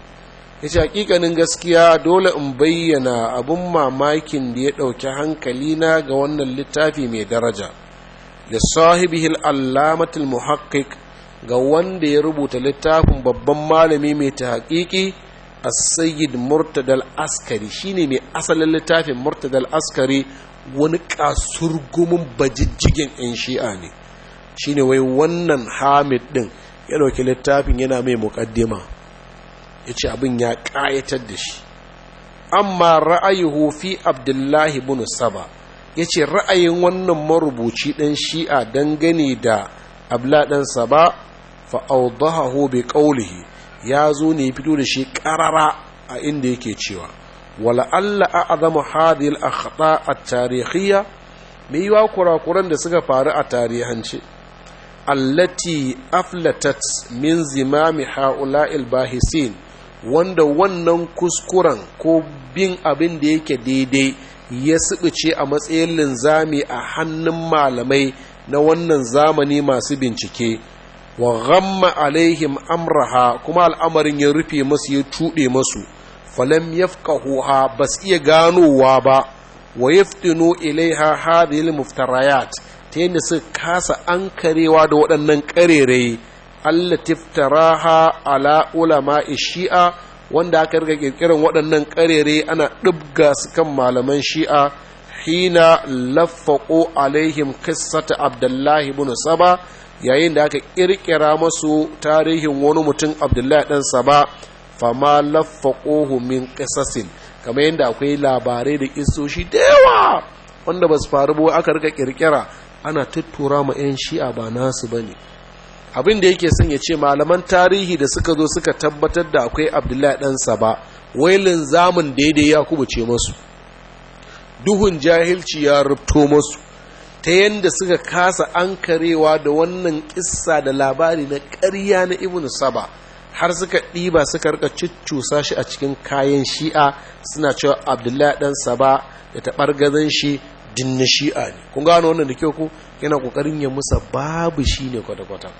ya ce hakikanin gaskiya dole in bayyana abin mamakin da ya ɗauki hankalina ga wannan littafi mai daraja da sahibihil allamatul muhakkik ga wanda ya rubuta littafin babban malami mai ta haƙiƙi a sayyid murtadal askari shine mai asalin littafin murtadal askari wani kasurgumin bajijjigin 'yan shi'a ne shine wai wannan hamid ɗin ya ɗauki littafin yana mai muƙaddima ya ce abin ya ƙayatar da shi amma ra'ayuhu fi abdullahi bin saba ya ce ra'ayin wannan marubuci ɗan shi'a dangane da abla ɗan saba fa'audahahu bi ƙaulihi ya zo ne fito da shi ƙarara a inda yake cewa wala Allah a azamu hadil a haɗa a tarihiyya mai yiwa kurakuran da suka faru a tarihance allati aflatat min zimami ha'ula'il bahisin wanda wannan kuskuren ko bin abin da yake daidai ya sibice a matsayin linzami a hannun malamai na wannan zamani masu bincike wa ghamma alaihim amraha kuma al'amarin ya rufe masu ya tuɗe masu falam yafqahuha bas iya ganowa ba wa yaftinu ilaiha hadhihi al-muftarayat ta yadda suka kasa ankarewa da waɗannan ƙarerai allatif taraha ala ulama shi'a wanda aka riga kirkirin waɗannan ƙarere ana ɗibga su kan malaman shi'a hina laffaƙo alaihim qissata abdullahi ibn saba yayin da aka ƙirƙira masu tarihin wani mutum abdullahi dan saba fama laffaquhu min qisasin kamar yadda akwai labarai da kisoshi da yawa wanda ba faru ba aka riga ƙirƙira ana tuttura ma 'yan shi'a ba nasu ba ne abin da yake son ya ce malaman tarihi da suka zo suka tabbatar da akwai abdullahi ɗansa ba wailin zamun daidai ya kubuce masu duhun jahilci ya rubto masu ta yadda suka kasa ankarewa da wannan ƙissa da labari na karya na ibn saba har suka ɗiba suka rika cuccusa shi a cikin kayan shi'a suna cewa abdullahi ɗan saba da taɓargazan shi dinna shi'a ne kun gano wannan da kyau ko yana ƙoƙarin ya musa babu shi ne kwata-kwata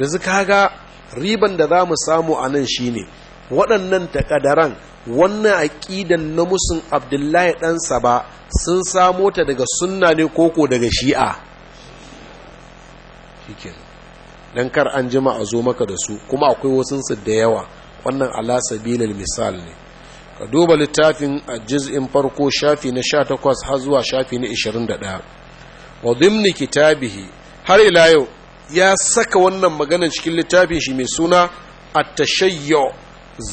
yanzu kaga riban da za mu samu a nan shine waɗannan takadaran wannan aƙidan na musun abdullahi ɗansa ba sun samo ta daga sunna ne koko daga shi'a don kar an jima a zo maka da su kuma akwai wasunsu da yawa wannan alasabilin misal ne ka duba littafin a jiz'in farko shafi na 18 har zuwa shafi na 21 wa dimni kitabihi har ila yau ya saka wannan magana cikin littafin shi mai suna a tashayyo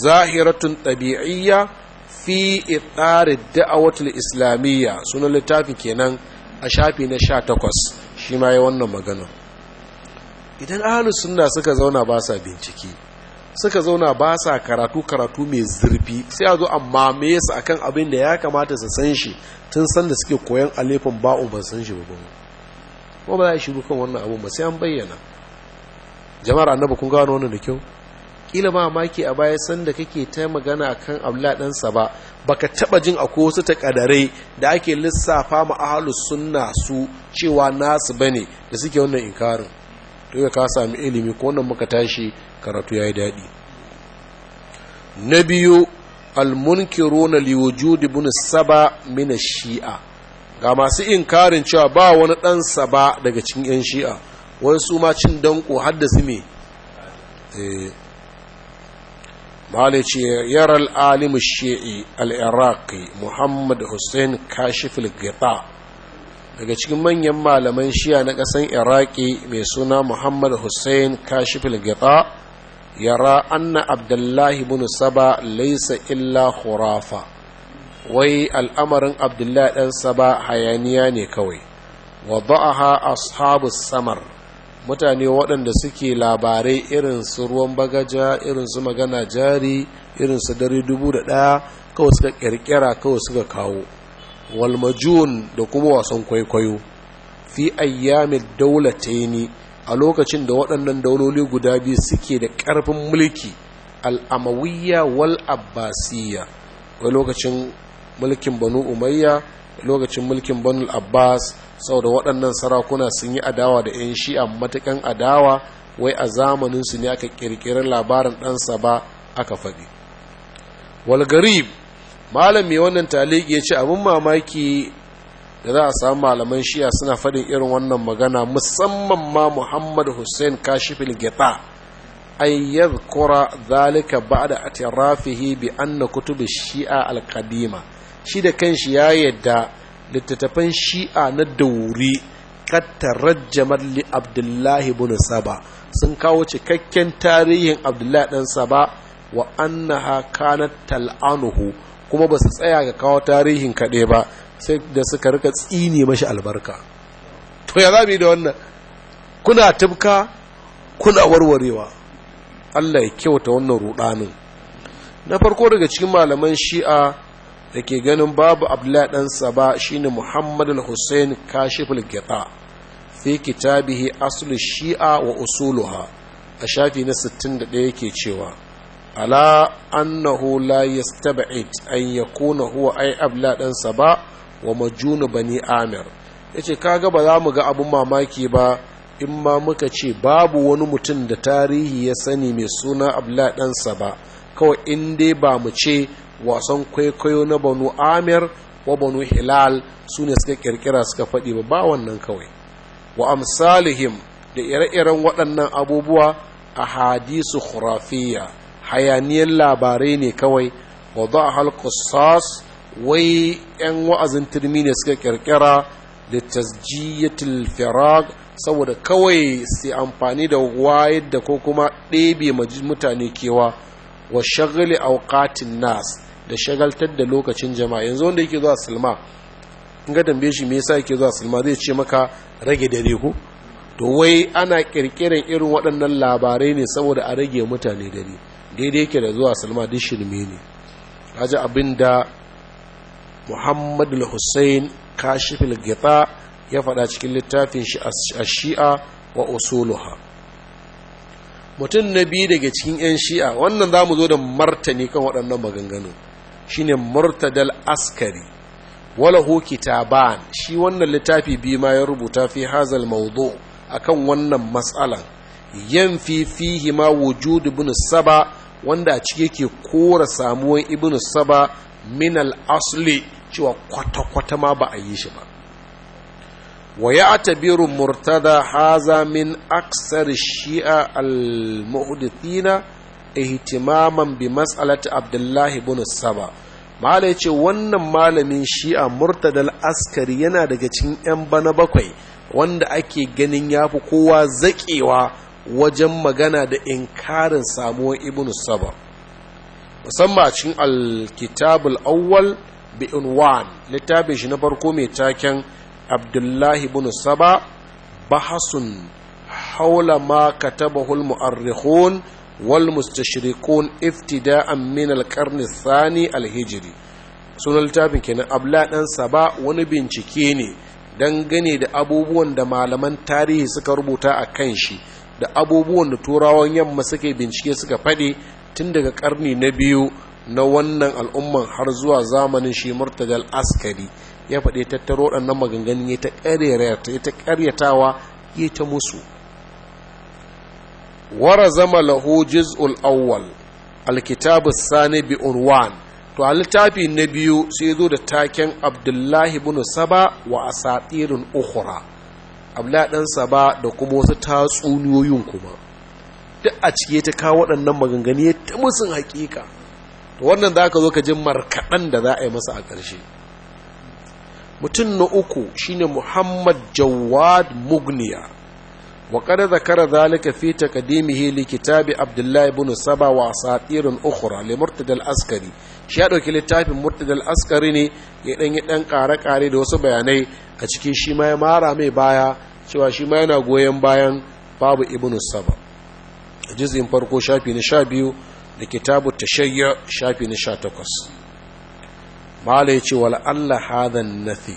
zahiratun ɗabi'iyya fi itsari da'awatul islamiyya sunan littafin kenan a shafi na sha takwas shi ma yi wannan magana idan ahalus suna suka zauna ba sa bincike suka zauna ba sa karatu karatu mai zurfi sai a zo a mamaye su akan abin da ya kamata su san shi tun sanda suke koyan alifin ba'u ban san shi ba ko ba za a shiru kan wannan abun ba sai an bayyana jama'ar annabi kun gano wannan da kyau kila ma maki a baya sanda kake ta magana akan abla sa ba ba ka taba jin akwai wasu takadare da ake lissafa ma ahlus sunna su cewa nasu ba ne da suke wannan inkarin to ya ka sami ilimi ko wannan muka tashi karatu yayi daɗi. na biyu almunkiruna liwujud ibn saba min shia ga masu inkarin cewa ba wani ɗansa ba daga cikin 'yan shi'a wani su ma cin danko haddasa me eh. ce yar al'alimu shi'i al'iraqi muhammad hussein kashif gita daga cikin manyan malaman shi'a na ƙasan Iraki mai suna muhammad hussein kashif gita yara anna abdullahi bin saba laisa illa hurafa. wai al'amarin abdullahi ɗan saba hayaniya ne kawai wada'aha ashabu samar mutane waɗanda suke labarai irin su ruwan bagaja irin su magana jari irin su dare dubu da ɗaya kawai suka ƙirƙira kawai suka kawo walmajun da kuma wasan kwaikwayo fi ayyamin daulataini a lokacin da waɗannan dauloli guda biyu suke da ƙarfin mulki al'amawiyya wal abbasiyya wai lokacin mulkin banu umayya lokacin mulkin banu abbas saboda waɗannan sarakuna sun yi adawa da 'yan shi'a matakan adawa wai a zamaninsu ne aka ƙirƙirar labarin ɗansa ba aka faɗi walgarib malami wannan taliki ya ce abin mamaki da za a samu malaman shi'a suna faɗin irin wannan magana musamman ma muhammad hussein kashifil geta an yadhkura zalika ba'da atirafihi bi anna kutubi shi'a al shi da kanshi ya yadda littattafan shi'a na dauri katta rajjamar li abdullahi bin saba sun kawo cikakken tarihin abdullahi dan saba wa annaha kanat tal'anuhu kuma ba su tsaya ga kawo tarihin kaɗai ba sai da suka rika tsini mashi albarka to ya zabi da wannan kuna tubka kuna warwarewa Allah ya kyauta wannan rudanin na farko daga cikin malaman shi'a da ke ganin babu abdullahi ɗansa ba shine muhammad al-hussein kashiful gita fi kitabihi asulu shi'a wa usuluha a shafi na 61 yake cewa ala annahu la yastab'id an yakuna huwa ay abla ɗansa ba wa majunu bani amir yace kaga ba za mu ga abun mamaki ba in ma muka ce babu wani mutum da tarihi ya sani mai suna abla ɗansa ba kawai in dai ba mu ce wasan kwaikwayo na banu amir wa banu hilal su ne suka kirkira suka faɗi ba ba wannan kawai wa amsalihim da ire-iren waɗannan abubuwa a hadisu khurafiya hayaniyar labarai ne kawai wa za a halkusas wai 'yan wa'azin turmi ne suka kirkira da tasjiyatul firag saboda kawai sai amfani da wayar da ko kuma ɗebe mutane kewa wa shagali auqatin nas da shagaltar da lokacin jama'a yanzu wanda yake zuwa silma in ga tambaye shi me yasa yake zuwa silma zai ce maka rage dare ko to wai ana kirkirar irin waɗannan labarai ne saboda a rage mutane dare daidai yake da zuwa silma duk shirme ne kaji abin da muhammad al-hussein kashifil gita ya faɗa cikin littafin shi a shi'a wa usuluha mutum na biyu daga cikin 'yan shi'a wannan za mu zo da martani kan waɗannan maganganu. shine murtadal askari walahu kitaban shi wannan littafi biyu ma ya rubuta fi hazal mawdu akan wannan matsalan yan fihi ma wujud ibn saba wanda a ciki yake kora samuwan ibn saba min al asli cewa kwata kwata ma ba a yi shi ba wa atabiru murtada haza min aksar shi'a al muhdithina ihtimaman bi mas'alati abdullahi ibn saba malai ce wannan malamin shi'a murtadal askari yana daga cikin yan bana bakwai wanda ake ganin yafi kowa zakewa wajen magana da inkarin samuwar ibn saba musamman a cikin alkitabul awwal bi unwan littafin shi na farko mai taken abdullahi ibn saba bahasun haula ma katabahul mu'arrikhun wal mustashrikun iftida'an min al-qarn al-hijri sunan littafin kenan abla dan saba wani bincike ne dangane da abubuwan da malaman tarihi suka rubuta a kan shi da abubuwan da turawan yamma suke bincike suka faɗi tun daga karni na biyu na wannan al'umman har zuwa zamanin shi murtagal askari ya faɗi tattaro ɗannan maganganun ya ta ƙaryatawa ya ta musu zama lahu juz'ul awwal alkitabu sani bi unwan to a littafi na biyu sai zo da taken abdullahi bin saba wa asatirin ukhra abla dan saba da kuma wasu tatsuniyoyin kuma duk a cike ta kawo waɗannan maganganu ta musun hakika to wannan za ka zo ka ji markaɗan da za a yi masa a ƙarshe mutum na uku shine muhammad jawad mugniya wa qad zakara zalika fi taqdimihi li kitabi abdullahi ibn saba wa asatirun ukhra li murtada al-askari shi ya ɗauki littafin murtada askari ne ya dan kare kare da wasu bayanai a ciki shi ya mara mai baya cewa shima yana goyon bayan babu ibn saba juz'in farko shafi na 12 da kitabu tashayya shafi na 18 mala yace wal Allah hadha nafi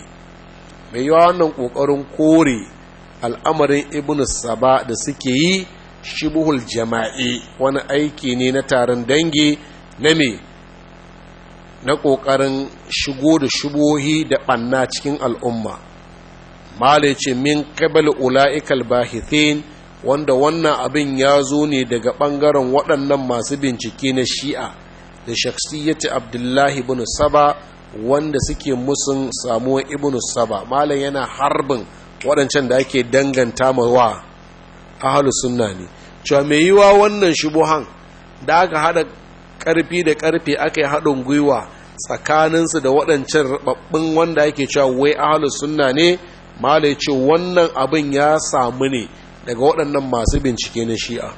mai yawa wannan kokarin kore al'amarin ibn saba da suke yi shibuhul jama'i wani aiki ne na taron dangi na me na ƙoƙarin shigo da shubohi da ɓanna cikin al'umma malai ce min kabal ula'ikal bahithin wanda wannan abin ya zo ne daga ɓangaren waɗannan masu bincike na shi'a da shaksiyyati abdullahi ibn saba wanda suke musun samuwa ibn saba malam yana harbin waɗancan da ake danganta ma wa ahalus sunna ne cewa mai yiwa wannan shubuhan da aka haɗa ƙarfi da ƙarfi aka yi haɗin gwiwa tsakaninsu da waɗancan rababbin wanda ake cewa wai ahalus sunna ne malai ce wannan abin ya samu ne daga waɗannan masu bincike na shi'a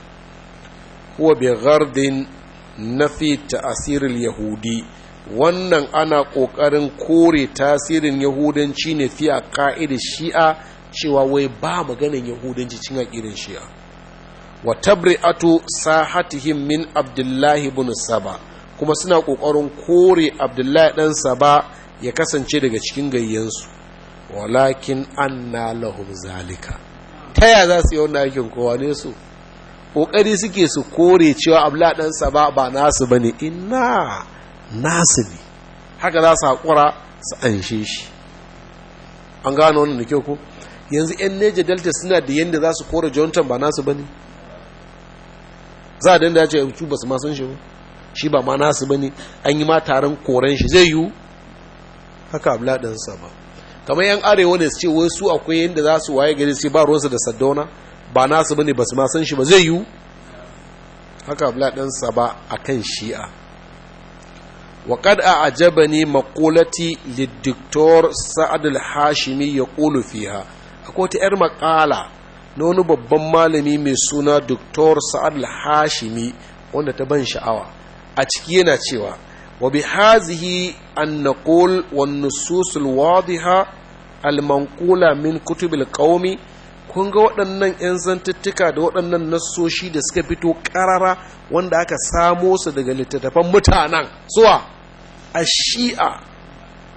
huwa bi gardin nafi ta'asirin yahudi wannan ana ƙoƙarin kore tasirin yahudanci ne fi a ka'idar shi'a cewa wai ba maganin yahudanci cin irin shi'a wa tabri'atu sahatihim min abdullahi ibn saba kuma suna ƙoƙarin kore abdullahi Dan saba ya kasance daga cikin gayyansu walakin anna lahum zalika ta ya za su yi wannan aikin kowa ne su ƙoƙari suke su kore cewa abdullahi Dan saba ba nasu bane inna nasu ne haka za su haƙura su anshe shi an gano wannan da kyau ko yanzu 'yan neja delta suna da yadda za su kora jontan ba nasu ba ne za a dinda ce yanzu ba su ma san shi ba shi ba ma nasu ba ne an yi ma taron koren shi zai yiwu haka abla sa ba kamar 'yan arewa ne su ce wai su akwai yadda za su waye gari sai ba ruwansu da saddauna ba nasu ba ne ba su ma san shi ba zai yiwu haka abla sa ba a kan shi'a وقد أعجبني مقولتي للدكتور سعد الحاشمي يقول فيها akwai wata 'yar makala na wani babban malami mai suna doktor Sa'ad hashimi wanda ta ban sha'awa a ciki yana cewa wa bi hazihi an naqul wan nusus wadiha al-manqula min kutub al-qaumi kun ga waɗannan 'yan zantattuka da waɗannan nassoshi da suka fito ƙarara wanda aka samo su daga littattafan mutanen zuwa a shi'a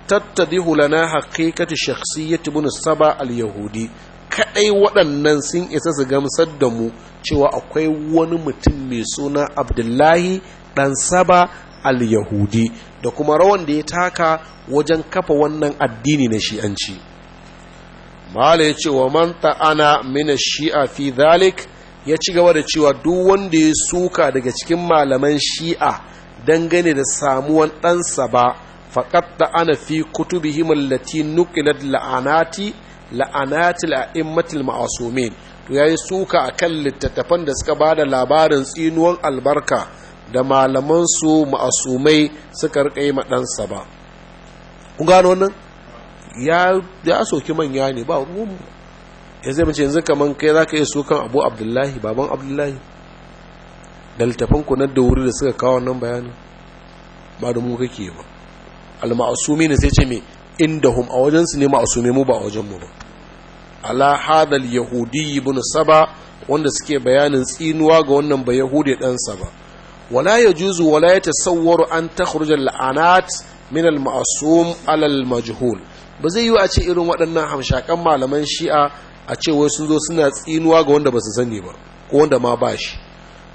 tattadihu lana haqiqati shakhsiyyati ibn saba al-yahudi kadai waɗannan sun isa su gamsar da mu cewa akwai wani mutum mai suna abdullahi dan saba al-yahudi da kuma rawan da ya taka wajen kafa wannan addini na shi'anci Malam ya ce wa man ana min shia fi dalik. ya ci gaba da cewa duk wanda ya suka daga cikin malaman shi'a dangane da samuwan ɗansa ba faqad da ana fi kutubihim allati nuqilat la'anati la'anatil a'immatil ma'asumin to yi suka a kan littattafan da suka ba da labarin tsinuwan albarka da malaman su ma'asumai suka rika ma ɗansa ba ku gano wannan ya ya soki manya ne ba ruwan ya zai mace yanzu kaman kai za ka yi sukan abu abdullahi baban abdullahi da littafin ku na da wuri da suka kawo nan bayanin ba da mu kake ba al-ma'asumi ne sai ce me indahum a su ne ma'asumi mu ba a wajenmu ba ala hadal yahudi ibn saba wanda suke bayanin tsinuwa ga wannan ba yahudi dan saba wala yajuzu wala yatasawwaru an takhruj al-anat min al-ma'sum ala al-majhul ba zai yi a ce irin waɗannan hamshakan malaman shi'a a ce wai sun zo suna tsinuwa ga wanda ba su sani ba ko wanda ma ba shi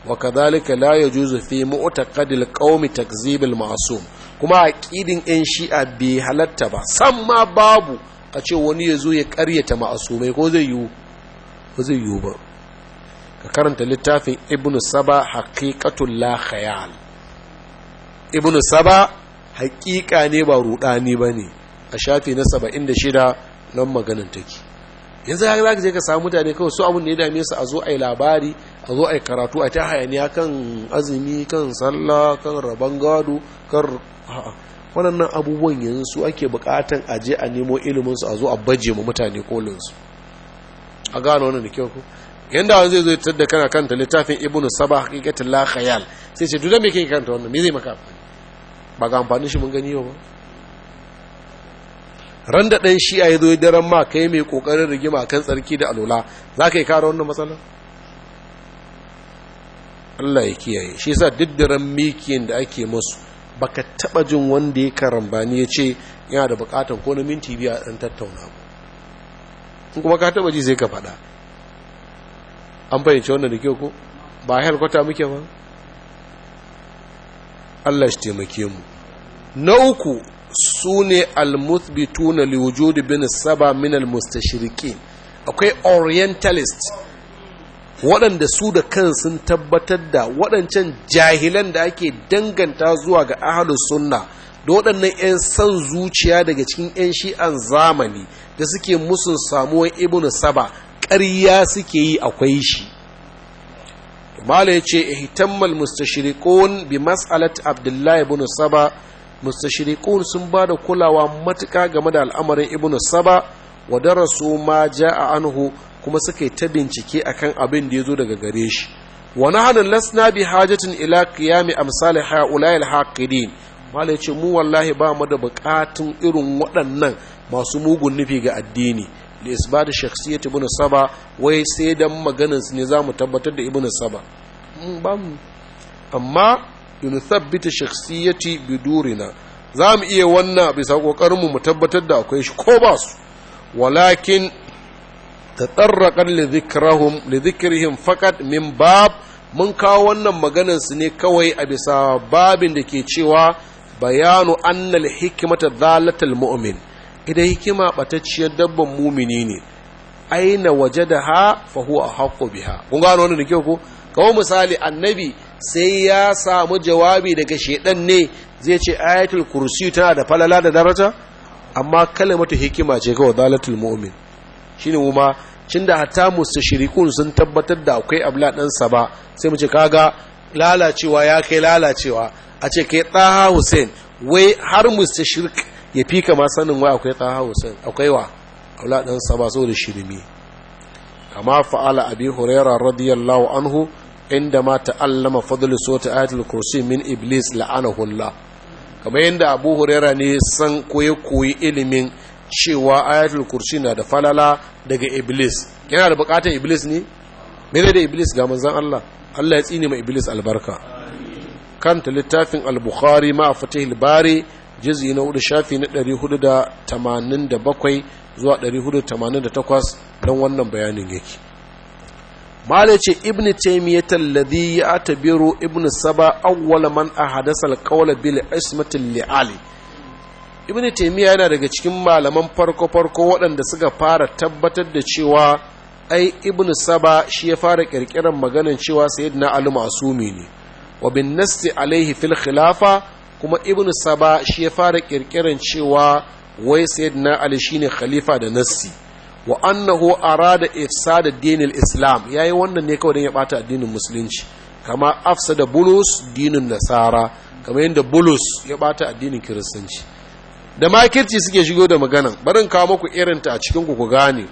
wa kadhalika la yajuzu fi mu'taqadil qaumi takzibil ma'asum kuma a ƙidin yan shi'a bai halatta ba san ma babu a ce wani ya zo ya karyata ma'asumai ko zai yiwu ba zai yiwu ba ka karanta littafin ibn saba haƙiƙatun la khayal ibn saba haƙiƙa ne ba ba ne a shafi na shida nan maganin take yanzu haka za ka je ka samu mutane kawai su abin da ya dame su a zo a yi labari a zo a yi karatu a ta hayaniya kan azumi kan sallah kan rabon gado kan waɗannan abubuwan yanzu su ake buƙatan aje a nemo iliminsu a zo a baje ma mutane kolinsu a gano wannan da kyau yadda wani zai zo ta da kana kanta littafin ibnu saba hakikatin la khayal sai ce dudan me kake kanta wannan me zai maka amfani ba ga amfani shi mun gani yau ba ran da ɗan shi a yi zo daren ma kai mai kokarin rigima kan tsarki da alola za ka yi kare wannan matsala Allah ya kiyaye shi sa duk daren mikiyin da ake musu baka taba jin wanda ya karambani ya ce yana da bukatan ko na minti biya dan tattauna in kuma ka taba ji sai ka faɗa an fahimci wannan da kyau ko ba helkwata muke ba Allah shi taimake mu na uku su ne almuthbituna liwujudi bin saba min almustashriqin akwai orientalist waɗanda su da kan sun tabbatar da waɗancan jahilan da ake danganta zuwa ga ahalus sunna da waɗannan 'yan san zuciya daga cikin 'yan shi'an zamani da suke musu samuwar ibn saba ƙarya suke yi akwai shi mala ya ce ihtammal mustashriqun bi mas'alat abdullahi ibn saba mustashriqun sun ba da kulawa matuƙa game da al'amarin ibn saba wa darasu ma a anhu kuma suka yi ta bincike a kan abin da ya zo daga gare shi wani hannun lasna bi hajjatin ila kiyami misali ha'ulayil haƙidin mala ce mu wallahi ba mu da buƙatun irin waɗannan masu mugun nufi ga addini da isba da shakhsiyyat ibn saba wai sai dan maganin ne za mu tabbatar da ibn saba ba mu amma yunuthabbita shakhsiyyati bidurina za mu iya wannan bisa kokarin mu tabbatar da akwai shi ko ba su walakin تطرقا لذكرهم لذكرهم فقط من باب min bab wannan maganar su ne kawai a bisa babin da ke cewa bayanu annal hikmata zalatal mu'min idan hikima batacciyar dabban mumini ne aina wajadaha fa huwa haqqu biha kun gano wannan da ko kawo misali annabi sai ya samu jawabi daga shedan ne zai ce ayatul kursi tana da falala da daraja amma kalmatu hikima ce kawai zalatul mu'min shine kuma cin da hatta mustashirikun sun tabbatar da akwai abla ɗansa ba sai mu ce kaga lalacewa ya kai lalacewa a ce kai ɗaha hussein wai har mustashirik ya fi kama sanin wai akwai ɗaha hussein akwai wa abla ɗansa ba so da shirimi kama fa'ala abi huraira radiyallahu anhu inda ma ta'allama fadlu sota ayatul kursi min iblis la'ana Allah kamar yadda abu huraira ne san ya koyi ilimin cewa ayatul kursi na da falala daga iblis yana da bukatar iblis ne mene da iblis ga manzan Allah Allah ya tsine ma iblis albarka kanta littafin al-bukhari ma fatih al-bari juz'i na hudu shafi na 487 zuwa 488 don wannan bayanin yake mala ce ibn taymiyyah alladhi ya'tabiru ibn saba awwal man ahadasa al-qawl bil ismati ali ibn taimiyya yana daga cikin malaman farko-farko waɗanda suka fara tabbatar da cewa ai ibn saba shi ya fara ƙirƙirar maganin cewa sayyidina ali masumi ne wa nasti alaihi fil khilafa kuma ibn saba shi ya fara ƙirƙirar cewa wai sayyidina ali shine khalifa da nasti wa annahu arada ifsada dinil islam yayi wannan ne kawai don ya bata addinin musulunci kama da bulus dinin nasara kamar yadda bulus ya bata addinin kiristanci da makirci suke shigo da magana barin kawo muku irinta a cikinku ku gane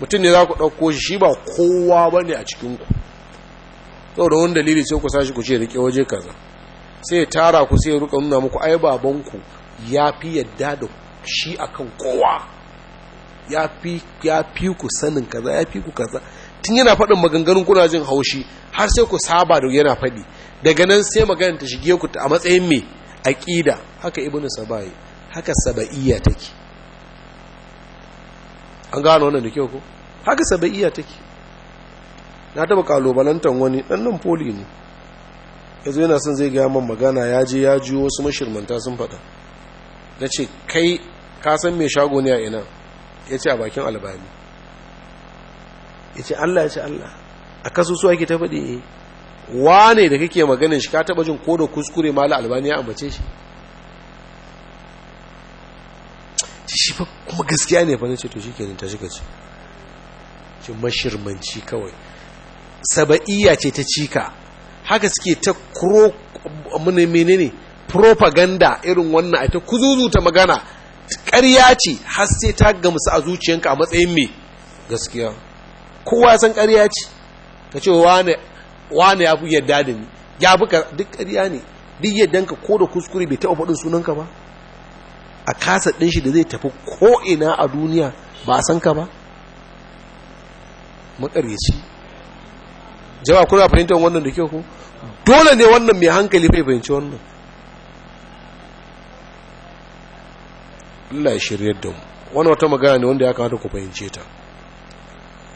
mutum ne za ku ɗauko shi shi ba kowa ba ne a cikinku sau da wani dalili sai ku sashi ku ce rike waje kaza sai ya tara ku sai ya ruka nuna muku ai babanku ya fi yadda da shi akan kowa ya fi ku sanin kaza ya fi ku kaza tun yana faɗin maganganun kuna jin haushi har sai ku saba da yana faɗi daga nan sai magana ta shige ku a matsayin mai aƙida haka ibnu sabayi haka saba'iyya take an gano wannan da kyau ko haka saba'iyya take na taba kalobalantar wani ɗannan poli ne Ya zo yana son zai gaya man magana ya je ya ji wasu mashirmanta sun faɗa na ce kai ka san mai shago ne a ina ya ce a bakin albani ya ce allah ya ce allah a kasusuwa yake ta faɗi Wa eh, wane da kake maganin shi ka taba jin ko da kuskure la albani ya ambace shi shi fa kuma gaskiya ne fa nace to shikenan ta shiga ci ci mashirmanci kawai saba'iyya ce ta cika haka suke ta kuro menene propaganda irin wannan ai ta kuzuzuta magana ƙarya ce har sai ta gamsu a zuciyanka a matsayin me gaskiya kowa san ƙarya ce ka ce wane ya fi yadda da ni ya fi duk ƙarya ne duk yaddanka ko da kuskure bai taɓa faɗin sunanka ba a kasa ɗin shi da zai tafi ko'ina a duniya ba a san ka ba makaryaci jama kuna fahimtar wannan da kyau ko dole ne wannan mai hankali fai fahimci wannan Allah ya shiryar da mu wani wata magana ne wanda ya kamata ku fahimce ta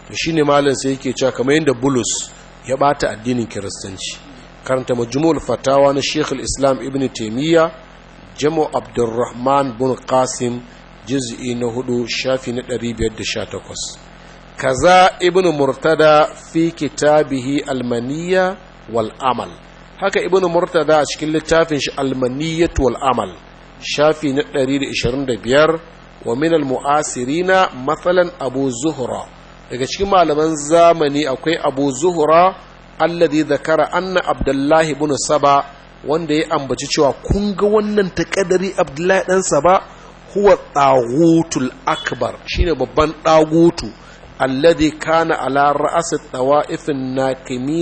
to shine malam sai yake cewa kamar yadda bulus ya bata addinin kiristanci karanta majmu'ul fatawa na shekul islam Ibn Taimiyya. jamu abdurrahman bin qasim juz'i na hudu shafi na 518 kaza ibn murtada fi kitabihi almaniya wal amal haka ibn Murtala a cikin littafin shi almaniyatu wal amal shafi na 125 wa min mu'asirina mathalan abu zuhra daga cikin malaman zamani akwai abu zuhra alladhi dhakara anna abdullahi ibn saba wanda ya ambaci cewa kun ga wannan takadari abdullahi ɗansa ba huwa ɗagutul akbar shine babban ɗagutu alladhi kana ala ra'asi tawa'ifin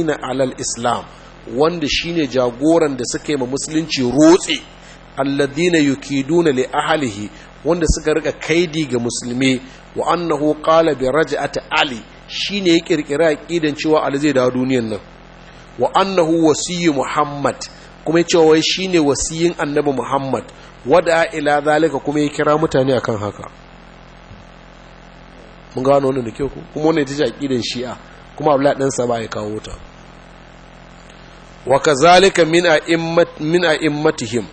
na alal islam wanda shine jagoran da suka yi ma musulunci rotse alladhina yukiduna li ahlihi wanda suka rika kaidi ga musulmi wa annahu qala bi raj'ati ali shine ya kirkira aqidan cewa ali zai dawo duniyar nan wa annahu wasiyyu muhammad kuma ya ce wai ne wasiyin annabi Muhammad a ila zalika kuma ya kira mutane akan haka mun gano wani da ku kuma ya ita ce kidan shi'a kuma abu dan ba ya kawo ta wa kazalika min a min a'immatihim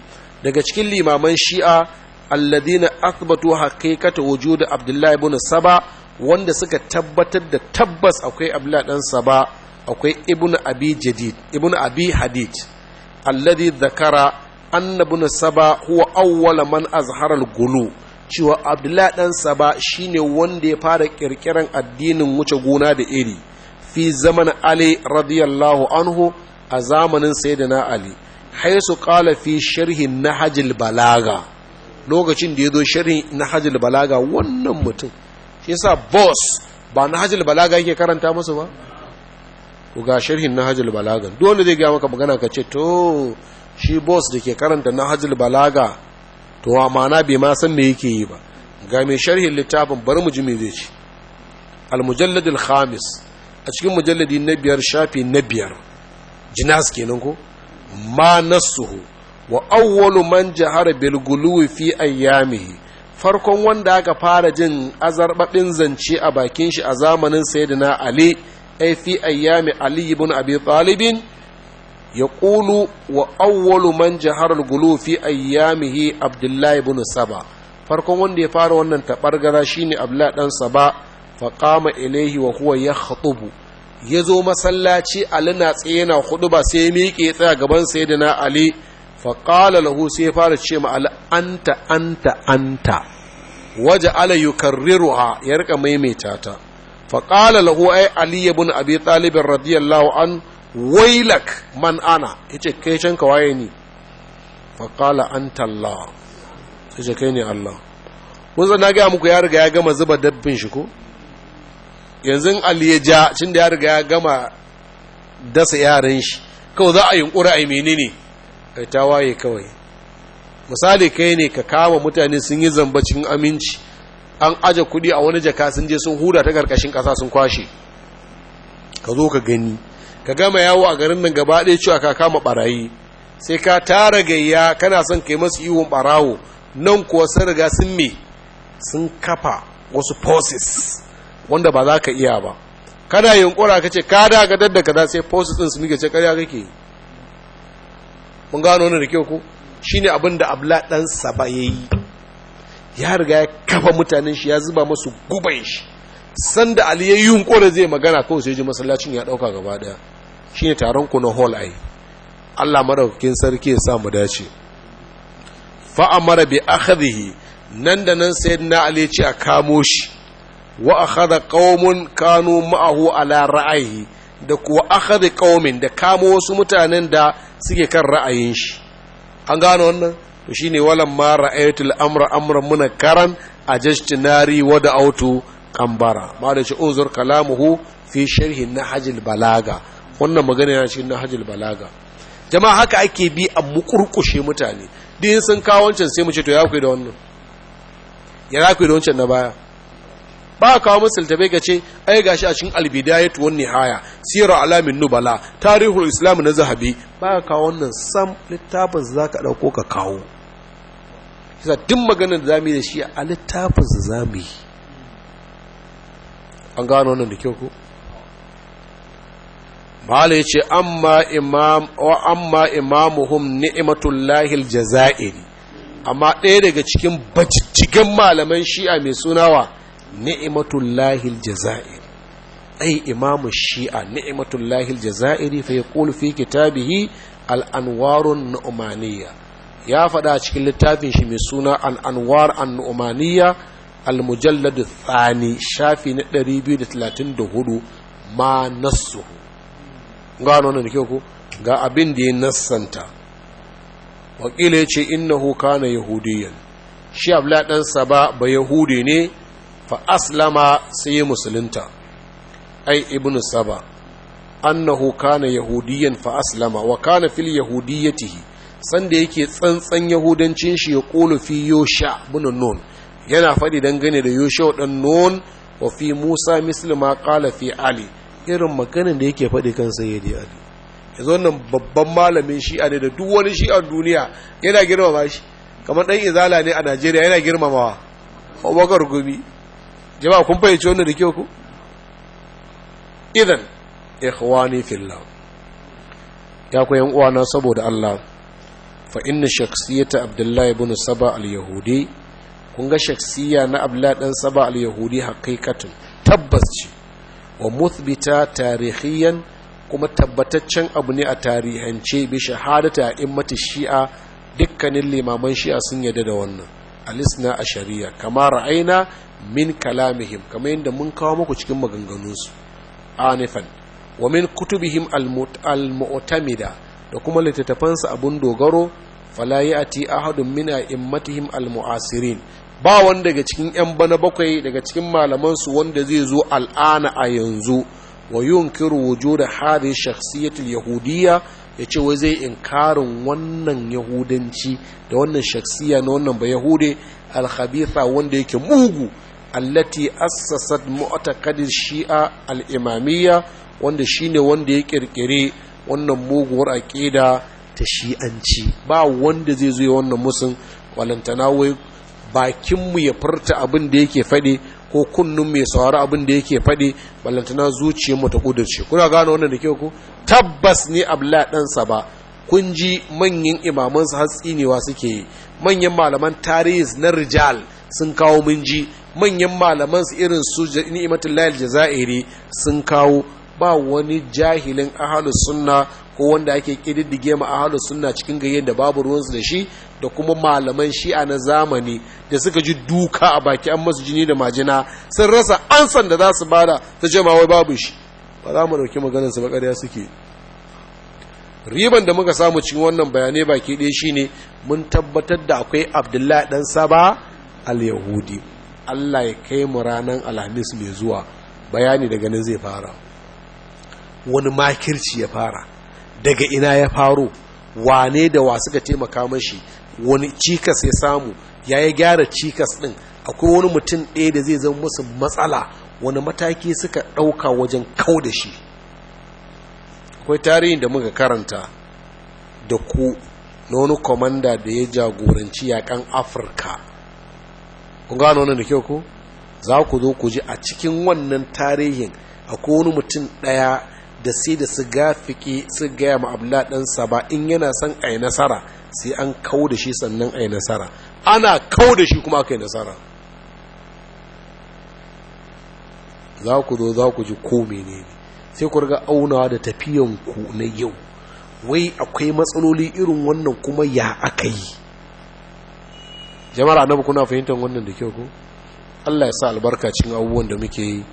daga cikin limaman shi'a alladhina athbatu haqiqata wujud abdullahi ibn Saba wanda suka tabbatar da tabbas akwai Abdullah dan ba akwai ibn abi jadid ibn abi hadid alladhi dhakara annabi saba huwa awwala man azhara al-gulu cewa abdullahi dan saba shine wanda ya fara kirkiran addinin wuce gona da iri fi zaman ali radiyallahu anhu a zamanin sayyidina ali haisu qala fi sharhi nahjul balaga lokacin da yazo sharhi nahjul balaga wannan mutum shi yasa boss ba nahjul balaga yake karanta musu ba ku ga sharhin nahajul balaga dole zai ga maka magana ka ce to shi boss da ke karanta nahajul balaga to amana bai ma san me yake yi ba ga mai sharhin littafin bar mu ji zai ci al khamis a cikin mujalladi na biyar shafi na biyar jinas kenan ko ma nasuhu wa awwalu man jahara bil gulu fi ayyamihi farkon wanda aka fara jin azarbabin zance a bakin shi a zamanin sayyidina ali ay fi ayyami ali ibn abi talib yaqulu wa awwalu man jahara al-gulu fi ayyamihi abdullah ibn farkon wanda ya fara wannan tabargaza shine abdullah dan saba fa qama ilayhi wa huwa yakhutubu yazo masallaci ali na tsaye yana ba sai miƙe ya tsaya gaban sayyidina ali fa qala lahu sai fara ce ma ali anta waje ala yukarriruha ya rika maimaita ta faƙala lahu Aliyu ali ibn abi talib radiyallahu an wailak man ana yace kai can ka waye ni faƙala anta allah sai kai ne allah Kun san na ga muku ya riga ya gama zuba dabbin shi ko yanzu ali ya ja cin da ya riga ya gama dasa yaran shi kawai za a yi yunkura a yi menene kai ta waye kawai misali kai ne ka kama mutane sun yi zamba cikin aminci an aje kudi a wani jaka sun je sun huda ta karkashin kasa sun kwashe ka zo ka gani ka gama yawo a garin nan gaba ɗaya cewa ka kama barayi sai ka tara gayya kana son yi masu iwon barawo nan kuwa sun riga sun me sun kafa wasu forces wanda ba za ka iya ba kana yunkura ka ce ka da ga dadda kaza sai forces din su miga ce karya kake mun gano wannan da kyau ko shine abin da abla dan saba yayi ya riga ya kafa mutanen shi ya zuba masu guban shi sanda ali ya yunkura zai magana kawai sai ji masallacin ya dauka gaba daya shine taron ku na hall ai Allah madaukakin sarki ya sa mu dace fa amara bi akhadhihi nan da nan sayyidina ali ya ce a kamo shi wa akhadha qaumun kanu ma'ahu ala ra'ayi da kuwa akhadha qaumin da kamo wasu mutanen da suke kan ra'ayin shi an gano wannan to ne walan mara ra'aytul amra amra muna karan a wa da auto kambara ma da shi ozur kalamuhu fi sharhi hajjil balaga wannan magana yana cikin hajjil balaga jama'a haka ake bi a mukurkushe mutane din sun kawo wancan sai mu ce to ya kai da wannan ya kai da wancan na baya ba kawo musu littafai ga ce ai gashi a cikin albidayatu wan nihaya sirar alamin nubala tarihul islam na zahabi ba ka kawo wannan sam littafin za ka ɗauko ka kawo yasa duk maganar da zamu yi da shi a littafin za zamu yi an gano wannan da kyau ko Mala imam ce, Amma imamuhum ni'matullahil aljazairi, amma ɗaya daga cikin bajijjigan malaman shi'a mai sunawa Lahil aljazair ai imamu shi'a Lahil jaza'iri fa yaqulu fi kitabihi al-anwarun nu'maniyya ya faɗa cikin littafin shi mai suna al-anwar an-nu'maniyya al-mujallad thani shafi na 234 ma nassuhu gano ne ko ga abin da ya nassanta wakila ya ce innahu kana yahudiyan shi abla dan saba ba yahudi ne fa aslama sai musulunta ai ibnu saba annahu kana yahudiyan fa aslama wa kana fil yahudiyyatihi sanda yake tsantsan yahudancin shi ya kulu fi yosha ibn nun yana faɗi dangane da yosha dan nun wa fi musa mislu ma qala fi ali irin maganin da yake faɗi kan sayyidi ali yanzu wannan babban malamin shi'a ne da duk wani shi'a duniya yana girmama shi kamar dan izala ne a Najeriya yana girmamawa ko bakar Gumi jama'a kun fahimci wannan da kyau ku idan ikhwani fillah ya ku yan uwana saboda Allah fa inna shakhsiyata abdullahi ibn saba al-yahudi kun ga shakhsiya na abdullahi dan saba al-yahudi haqiqatan tabbas ce wa muthbita tarihiyan kuma tabbataccen abu ne a tarihance bi shahadata immati shi'a dukkanin limaman shi'a sun yarda da wannan alisna a shari'a kama ra'aina min kalamihim kamar yadda mun kawo muku cikin maganganunsu anifan wa min kutubihim al-mu'tamida da kuma littattafansu abun dogaro fala ya'ti ahadun min a'immatihim al-mu'asirin ba wanda daga cikin yan bana bakwai daga cikin malaman su wanda zai zo al'ana a yanzu wa yunkiru wujuda hadhihi shakhsiyati al-yahudiyya yace wai zai inkarin wannan yahudanci da wannan shakhsiya na wannan ba yahude al-khabitha wanda yake mugu allati assasat mu'taqadin shi'a al-imamiyya wanda shine wanda ya kirkire wannan muguwar aqida ta shi'anci ba wanda zai zo wannan musun walantana wai bakinmu ya furta abin da yake fade ko kunnun mai saurari abin da yake fade ballantana zuciyarmu ta kudurce kuna gano wannan da kyau ku tabbas ne a ɗansa ba kun ji manyan imamansu har tsinewa suke yi manyan malaman tarihi na rijal sun kawo minji manyan malaman su irin su ni'matullahi jazairi sun kawo ba wani jahilin ahalus sunna ko wanda ake kididdige ma ahalus sunna cikin gayyen da babu ruwansu da shi da kuma malaman shi'a na zamani da suka ji duka a baki an masu jini da majina sun rasa ansan da za su bada ta ce wai babu shi ba za mu dauki maganar su ƙarya suke riban da muka samu cikin wannan bayanai baki ɗaya shine mun tabbatar da akwai abdullahi dan saba al-yahudi Allah ya kai mu ranar alhamis mai zuwa bayani daga nan zai fara wani makirci ya fara daga ina ya faro wane da wa suka taimaka mashi wani cikas ya samu ya yi gyara cikas ɗin akwai wani mutum ɗaya da zai zama musu matsala wani mataki suka ɗauka wajen kau da shi akwai tarihin da muka karanta da ku na wani kwamanda da ya jagoranci yakan afirka kun gano nan da kyau ko za ku zo ku ji a cikin wannan tarihin akwai wani mutum ɗaya da sai da su gafiki su gaya ma abla ɗansa ba in yana son a yi nasara sai an kau da shi sannan a yi nasara ana kau da shi kuma aka yi nasara za ku zo za ku ji ko menene sai ku riga aunawa da tafiyanku na yau wai akwai matsaloli irin wannan kuma ya aka yi jama'ar annabi kuna fahimtar wannan da kyau ko Allah ya sa albarka cikin abubuwan da muke yi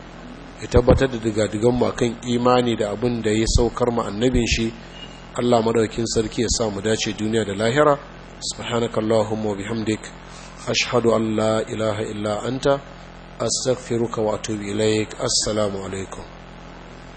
ya tabbatar da digadigan mu kan imani da abin da ya saukar mu annabin shi Allah maɗaukin sarki ya sa mu dace duniya da lahira subhanakallahumma wa bihamdik ashhadu an la ilaha illa anta astaghfiruka wa atubu ilaik assalamu alaikum